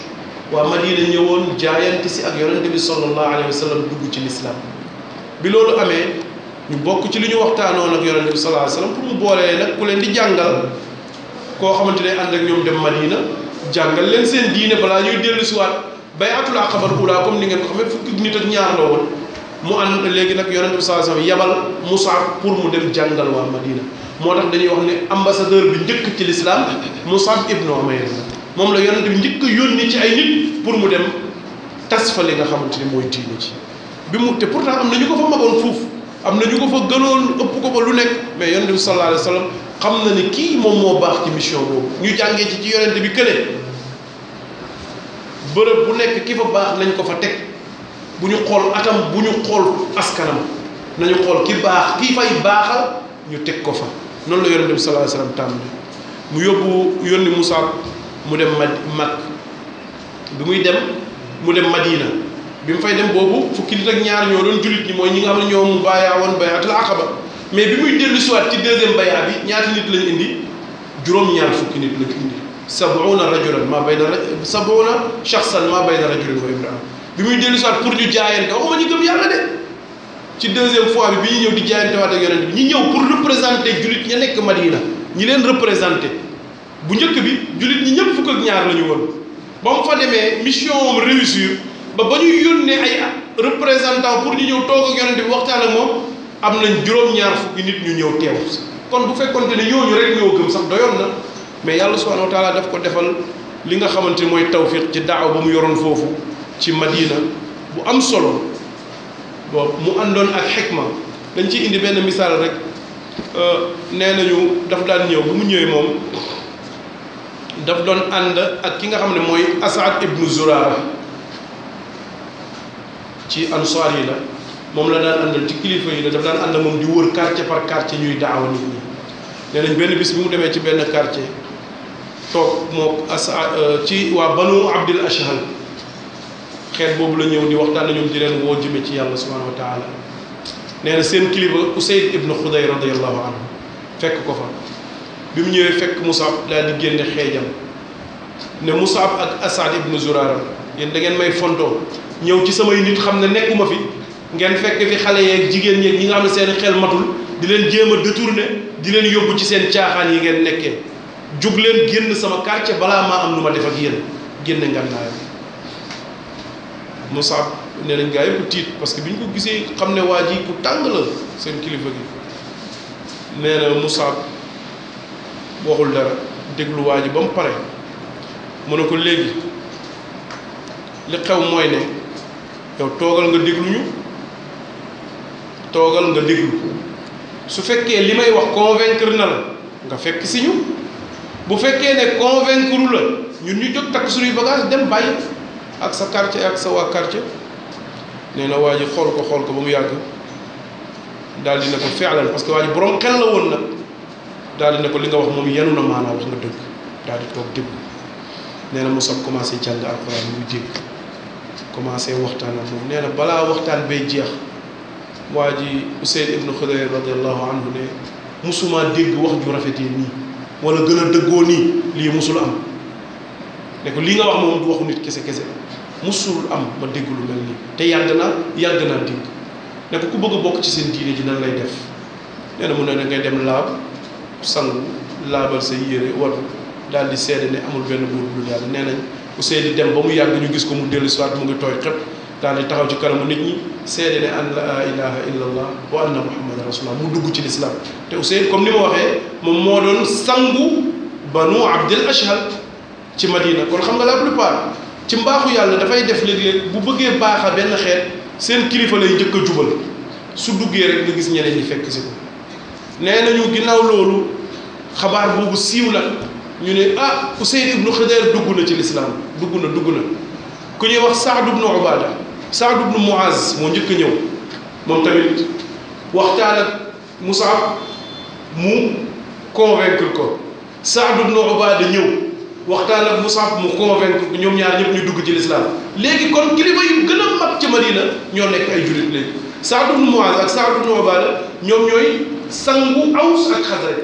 waa Madina ñëwoon jaayante si ak yonente bi sallallahu alayhi wa sallam dugg ci lislaam bi loolu amee ñu bokk ci li ñu waxtaanoon nag yonente bi sallallahu alayhi wasallam pour mu boolee nag ku leen di jàngal koo xamante ne ànd ak ñoom dem Madina jàngal leen seen diine balaa ñuy dellu siwaat bay atul aqabal ula comme ni ngeen ko xamee fukki nit ak ñaar la mu ànd léegi nag yonente bi sallallahu alayhi wasallam yabal pour mu dem jàngal waa Madina moo tax dañuy wax ne ambassadeur bi njëkk ci l'islam Mus'ab ibn Umayr moom la yonente bi njëkk a yónni ci ay nit pour mu dem tas fa li nga xamante ne mooy diine ci bi mu te pourtant am na ñu ko fa magoon foofu am na ñu ko fa gënoon ëpp ko ba lu nekk mais yonent bi sallallahu alayhi wa xam na ni kii moom moo baax ci mission boobu ñu jàngee ci ci yonent bi kële bërëb bu nekk ki fa baax nañ ko fa teg bu ñu xool atam bu ñu xool askanam nañu xool ki baax kii fay baaxal ñu teg ko fa noonu la yonent bi sallallahu alayhi wa sallam tàmm mu yóbbu yónni Musaab mu dem Mag bi muy dem mu dem Madina bi mu fay dem boobu fukki nit ak ñaar ñoo doon jullit ñi mooy ñi nga xam ne ñoo mu baayaa woon bayaatul mais bi muy dellu siwaat ci deuxième bayaa bi ñaata nit lañ indi juróom-ñaar fukki nit lañ indi sabuuna rajulan ma bayna sabuuna shaxsan ma bayna rajulin wa imraa bi muy dellu siwaat pour ñu jaayante waxuma ñu gëm yàlla de ci deuxième fois bi bi ñu ñëw di jaayante waat ak yonent bi ñu ñëw pour représenter jullit ña nekk Madina ñi leen représenter bu njëkk bi jullit ñi ñëpp fukk ñaar la ñu woon ba mu demee mission réussir ba ba ñuy yónnee ay représentant pour ñu ñëw toog ak yonente bi waxtaan ak moom am nañ juróom-ñaar fukki nit ñu ñëw teew kon bu fekkonte ne yooyu rek ñoo gëm sax doyoon na mais yàlla subhanahu wa taala daf ko defal li nga xamante ni mooy tawfiq ci daaw ba mu yoroon foofu ci madina bu am solo bo mu àndoon ak xikma dañ ci indi benn misaal rek euh, nee nañu daf daan ñëw bu mu ñëwee moom daf doon ànd ak ki nga xam ne mooy Asad ibnu Zurara ci ansoir yi la moom la daan àndal ci kilifa yi la daf daan ànd ak moom di wër quartier par quartier ñuy daawa nit ñi nee benn bis bi mu demee ci benn quartier toog moo as euh, ci waa banu abdil ashhal xeet boobu la ñëw di waxtaan ñoom di leen woo jëme ci yàlla subhanahu wa taala na seen kilifa usayd ibnu xuday radiallahu anhu fekk ko fa bi mu ñëwee fekk musaab daal di génne xeejam ne musaab ak asad ibnu zurara yéen da ngeen may fontoo ñëw ci samay nit xam ne nekkuma fi ngeen fekk fi xale yeeg jigéen ñeeg ñi nga xam ne seen xel matul di leen jéem a détourné di leen yóbbu ci seen caaxaan yi ngeen nekkee jug leen génn sama quartier balaa maa am lu ma def ak yéen génn ngànnaayam Musab nee nañ gaa yëpp tiit parce que bi ñu ko gisee xam ne waa ji ku tàng la seen kilifa gi nee na Musab waxul dara déglu waa ba mu pare mu ne ko léegi li xew mooy ne yow toogal nga déglu ñu toogal nga déglu su fekkee li may wax convaincre na la nga fekk si ñu bu fekkee ne convaincre la ñun ñu jóg takk suñuy bagage dem bàyyi ak sa quartier ak sa waa quartier nee na waa ji xool ko xool ko ba mu yàgg daal dina ko feexlal parce que waa ji borom xel la woon nag daal ne ko li nga wax moom yenu na maanaa wax nga dëgg daal di toog déglu nee na Moussa commencé jàng alxuraan muy dégg commencé waxtaan ak moom nee na balaa waxtaan bay jeex waa ji Usayd ibnu Xudayr radiallahu anhu ne musuma dégg wax ju rafetee nii wala gën a dëggoo nii lii musul am ne ko lii nga wax moom du waxu nit kese kese musul am ma dégg lu mel nii te yàgg naa yàgg naa dégg ne ko ku bëgg bokk ci seen diine ji nan lay def nee na mu ne na ngay dem laab sangu laabal sa yére watu daal di seede ne amul benn buur bu dal yàlla nee nañ Ousseynou dem ba mu yàgg ñu gis ko mu dellu siwaat mu ngi tooy xëpp daal di taxaw ci kanamu nit ñi seede ne an la ilaha illa allah wa anna muhammadan rasulullah mu dugg ci l'islam te Ousseynou comme ni ma waxee moom moo doon sangu banu abdil ashhal ci madina kon xam nga la plupart ci mbaaxu yàlla dafay def léegi léeg bu bëggee baax a benn xeet seen kilifa lay njëkk a jubal su duggee rek nga gis ñeneen ñi fekk si ko nee nañu ginnaaw loolu xabaar boobu siiw la ñu ne ah Usayd ibnu Xudayr dugg na ci lislaam dugg na dugg na ku ñuy wax saadu ibnu Ubaada Saad ibnu moo njëkk ñëw moom tamit waxtaan ak Mus'ab mu convaincre ko Saad ibnu Ubaada ñëw waxtaan ak Mus'ab mu convaincre ko ñoom ñaar ñëpp ñu dugg ci lislaam léegi kon kilifa yu gën a mag ci Madina ñoo nekk ay jurit léegi Saad ibnu Muaz ak Saad ibnu Ubaada ñoom ñooy sangu Aws ak Xasraj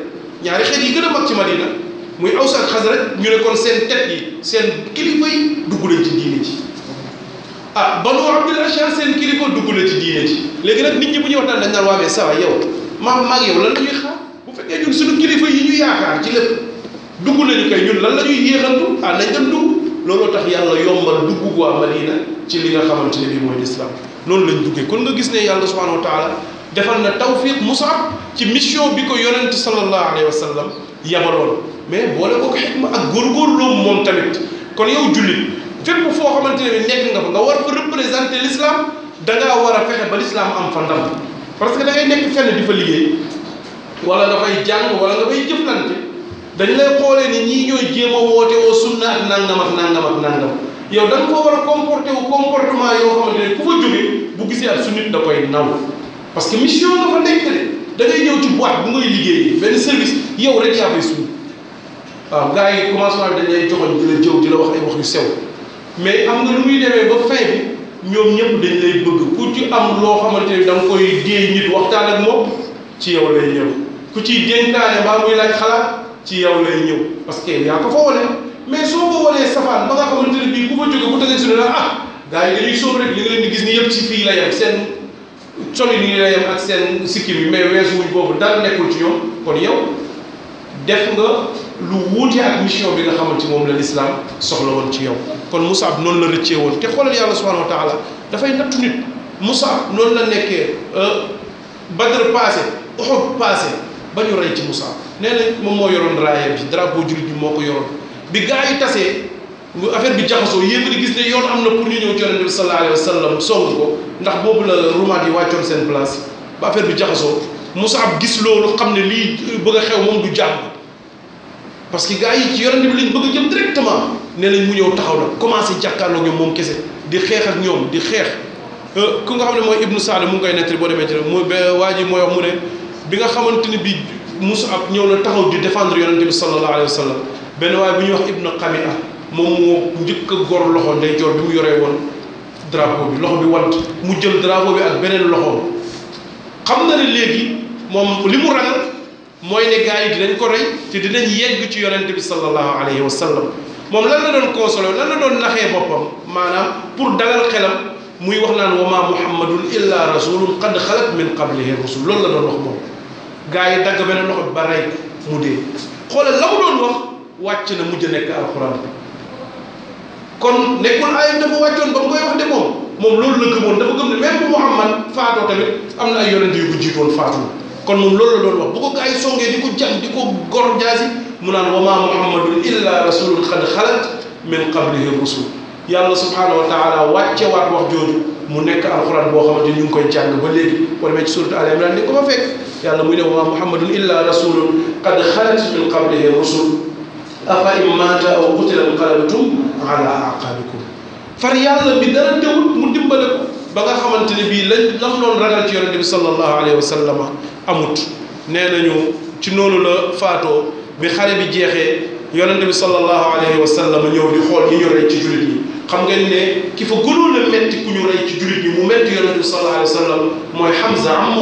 ñaari xeet yi gën a mag ci Madina muy aws ak xasraj ñu ne kon seen tet yi seen kilifa yi dugg nañ ci diine ji ah banu abdul ashar seen kilifa dugg na ci diine ji léegi nag nit ñi bu ñuy waxtaan dañ naan waamee sawa yow maam maag yow lan la ñuy bu fekkee ñun suñu kilifa yi ñu yaakaar ci lépp dugg nañu kay ñun lan la ñuy yéexantu ah nañ dem dugg looloo tax yàlla yombal dugg waa Madina ci li nga xamante ne bii mooy lislaam loolu lañ duggee kon nga gis ne yàlla subhanahu wa taala defal na tawfiq Musab ci mission bi ko yonent sallallahu alayhi wa sallam yabaloon mais boole ko xikma ak góorgóorloo moom tamit kon yow jullit fépp foo xamante ne nekk nga fa nga war fa représenter l'islam da ngaa war a fexe ba lislaam am fa ndam parce que da ngay nekk fenn di fa liggéey wala nga fay jàng wala nga fay jëflante dañ lay xoolee ni ñii ñooy jéem a woote woo sunna ak nangam ak nangam ak nangam yow da nga ko war a comporté wu comportement yoo xamante ne ku fa jógee bu da koy naw parce que mission nga fa nekk de da ngay ñëw ci boîte bu liggéey benn service yow rek yaa fay sunna waaw gars yi commencement bi dañ lay joxoon di la jëw di la wax ay wax yu sew mais am nga lu muy demee ba fay bi ñoom ñëpp dañ lay bëgg ku ci am loo xamante ni da nga koy dee nit waxtaan ak moom ci yow lay ñëw ku ciy dénkaane mbaa muy laaj xalaat ci yow lay ñëw parce que yaa ko fa wane mais soo ko wanee safaan ba nga xamante ne bii bu fa jógee bu tëjee si ne la ah gars yi dañuy sóob rek li nga leen di gis ni yëpp ci fii la yem seen soli nii la yem ak seen sikkim mais weesu wuñ boobu dara nekkul ci ñoom kon yow def nga. lu wuute ak mission bi nga ci moom la lislaam soxla woon ci yow kon Musab noonu la rëccee woon te xoolal yàlla subhanahu wa taala dafay nattu nit Musab noonu la nekkee euh, Badr passé Uhud passé ba ñu rey ci Musab nee na moom moo yoroon raaya bi boo jullit bi moo ko yoroon bi gaa yi tasee bu affaire bi jaxasoo yéen di gis ne yoon am na pour ñu ñëw ci yonente bi sallallahu alayhi wa sallam song ko ndax boobu la rumaat yi wàccoon seen place ba affaire bi jaxasoo Musab gis loolu xam ne lii euh, bëgg a xew moom du jàmm parce que gars yi ci yonent bi lañ bëgg a jëm directement ne nañ mu ñëw taxaw nag commencé jàkkaarloog ñoom moom kese di xeex ak ñoom di xeex euh, ku nga xam ne mooy ibnu saada mu ngi koy nettali boo demee ci mu waa ji mooy ne bi nga xamante ni bi Mus'ab ñëw na taxaw di défendre yonent bi sallallahu alayhi wa sallam benn waaye bu ñuy wax ibnu Qami'a moom moo njëkk a gor loxo day joor bi mu yoree woon drapeau bi loxo bi want mu jël drapeau bi ak beneen loxo xam na ne léegi moom li mu ragal mooy ne gaa yi dinañ ko roy te dinañ yegg ci yonent bi sallallahu alayhi wa sallam moom lan la doon consolé lan la doon naxee boppam maanaam pour dalal xelam muy wax naan wa maa muhammadun illa rasulun qad xalat min qablihi rusul loolu la doon wax moom gars yi dagg beneen loxo ba rey mu dee xoolal la mu doon wax wàcc na mujj nekk alxuraan bi kon nekkoon ayam dafa wàccoon ba mu koy wax de moom moom loolu la gëmoon dafa gëm ne même bu muhammad faatoo tamit am na ay yonent yu ko jiitoon faatu kon moom loolu la doon wax bu ko gaa yi songee di ko jàng di ko gor jaasi mu naan wa maa muhammadun illa rasulun qad xalat min qablihi rusul yàlla subhanahu wa taala wàcce waat wax jooju mu nekk alxuraan boo xamante ni ñu ngi koy jàng ba léegi boo demee ci suratu al imran di ko fa fekk yàlla muy ne wa maa muhammadun illa rasulun qad xalat min qablihi rusul afa in maata aw qutila inqalabtum ala aqabikum far yàlla bi dara teewul mu dimbale ko ba nga xamante ne bii lañ lam doon ragal ci yonente bi sallallahu alayhi wa sallama amut nee nañu ci noonu la faatoo bi xare bi jeexee yonente bi sallallahu alayhi wa sallam ñëw di xool ñi ñu rey ci jullit ñi xam ngeen ne ki fa gënoon a metti ku ñu rey ci jullit ñi mu metti yonente bi sallallahu alayhi wa sallam mooy Hamza am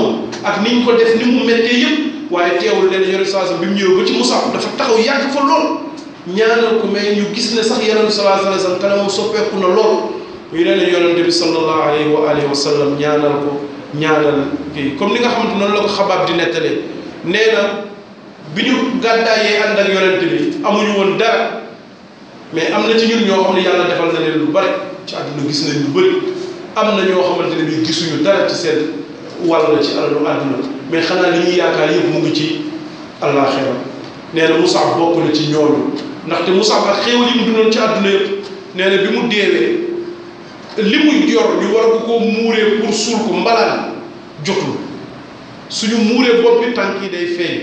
ak ni ñu ko def ni mu méttee yëpp waaye teewul leen yonente sallallahu bi mu ñëw ba ci Musab dafa taxaw yàgg fa lool ñaanal ko mais gis ne sax yonente bi sallallahu alayhi wa sallam kanamam soppeeku na lool ñu ne leen yonente bi sallallahu alayhi wa alihi ñaanal ko ñaanal kii comme ni nga xamante noonu la ko xabaab di nettalee nee na bi ñu gàddaayee ànd ak yonent bi amuñu woon dara mais am na ci ñun ñoo xam ne leen lu bari ci àdduna gis nañ lu bari am na ñoo xamante ne bi gisuñu dara ci seen wàll ci alalu àdduna mais xanaa li ñuy yaakaar yëpp mu ngi ci àllaaxira nee na Musab bokk na ci ñooñu ndaxte Musab ak xéewal yi mu dundoon ci àdduna yëpp nee na bi mu deewee li mu yor ñu war ko koo muuree pour suul ko mbalaan jotul suñu muuree bopp bi tànk yi day feeñ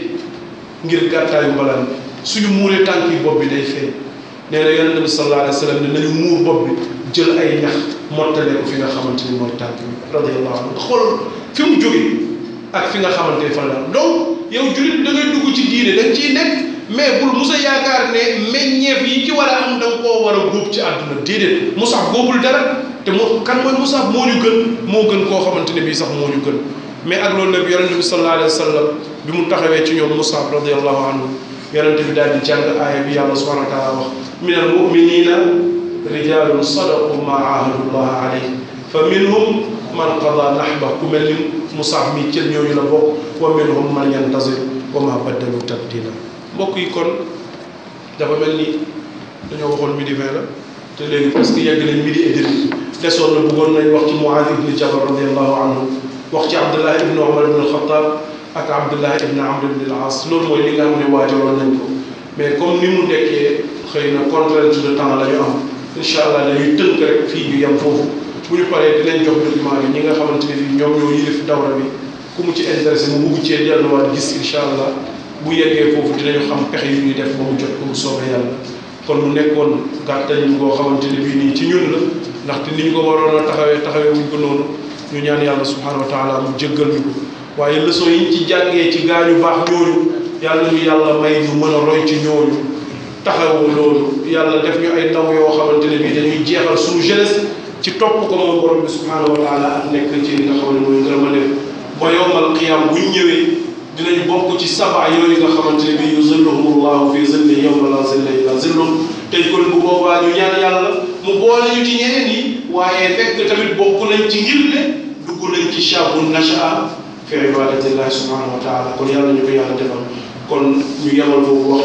ngir gàttaayu mbalaan bi suñu muuree tànk yi bopp bi day feeñ nee na yonente bi sallallahu ne nañu muur bopp bi jël ay ñax mottalee ko fi nga xamante ni mooy tànk bi radiyallahu xool fi mu jógee ak fi nga xamante ni fan la yow jullit da dugg ci diine dañ nga ciy nekk mais bul musa yaakaar ne meññeef yi ci war a am da koo war a góob ci àdduna déedéet mu sax góobul te moo kan mooy musaab moo ñu gën moo gën koo xamante ne bii sax moo ñu gën mais ak loolu nag yonente bi sallallahu alayhi wa sallam bi mu taxawee ci ñoom musaab radiallahu anhu yonente bi daal di jàng aaya bi yàlla subhanahu wa taala wax min al muminina rijalun sadaqu ma ahadullah alayhi fa minhum man qada nahba ku mel ni musaab mi cël ñooñu la bokk wa minhum man yantazir wa ma baddalu tabdila mbokk yi kon dafa mel ni dañoo waxoon midi vingt la te léegi presque yegg nañ midi et demi desoon na bëggoon nañ wax ci Muaz ibn Jabal radiallahu anhu wax ci Abdullah ibn Omar ibn ak Abdullah ibn Amr ibn al-As loolu mooy li nga xam ko mu nekkee xëy na contrainte de temps la ñu am incha allah dañuy tënk fii ñu yem foofu bu ñu paree dinañ jox document bi ñi nga xamante ne bii ñoom ñoo yilif dawra bi ku mu ci intéressé mu bugg cee delluwaat gis incha allah bu yeggee foofu dinañu xam pexe yu ñuy def ba jot ko kon mu nekkoon gàttañ boo xamante ne bii nii ci ñun la ndaxte ni ñu ko waroon a taxawee taxawee wuñ ko noonu ñu ñaan yàlla subhanahu wa taala mu jéggal ñu waaye leçon yi ci jàngee ci gaañu baax ñooñu yàlla ñu yàlla may ñu mën a roy ci ñooñu taxawu loolu yàlla def ñu ay ndaw yoo xamante ne bii dañuy jeexal suñu jeunesse ci topp ko moom borom bi subhanahu wa taala nekk ci li nga xam ne mooy ngërëmale ba yowmal qiyam buñ ñëwee dinañ bokk ci saba yooyu nga xamante ne bi yuzilluhum allahu fi zilli yawma la zilla illa zilluh tey kon bu boobaa ñu ñaan yàlla mu boole ci ñeneen waaye fekk tamit bokk nañ ci ngir ne dugg nañ ci shaabun nashaa fi ibadatillahi subhanahu wa taala kon yàlla ñu ko yàlla defal kon ñu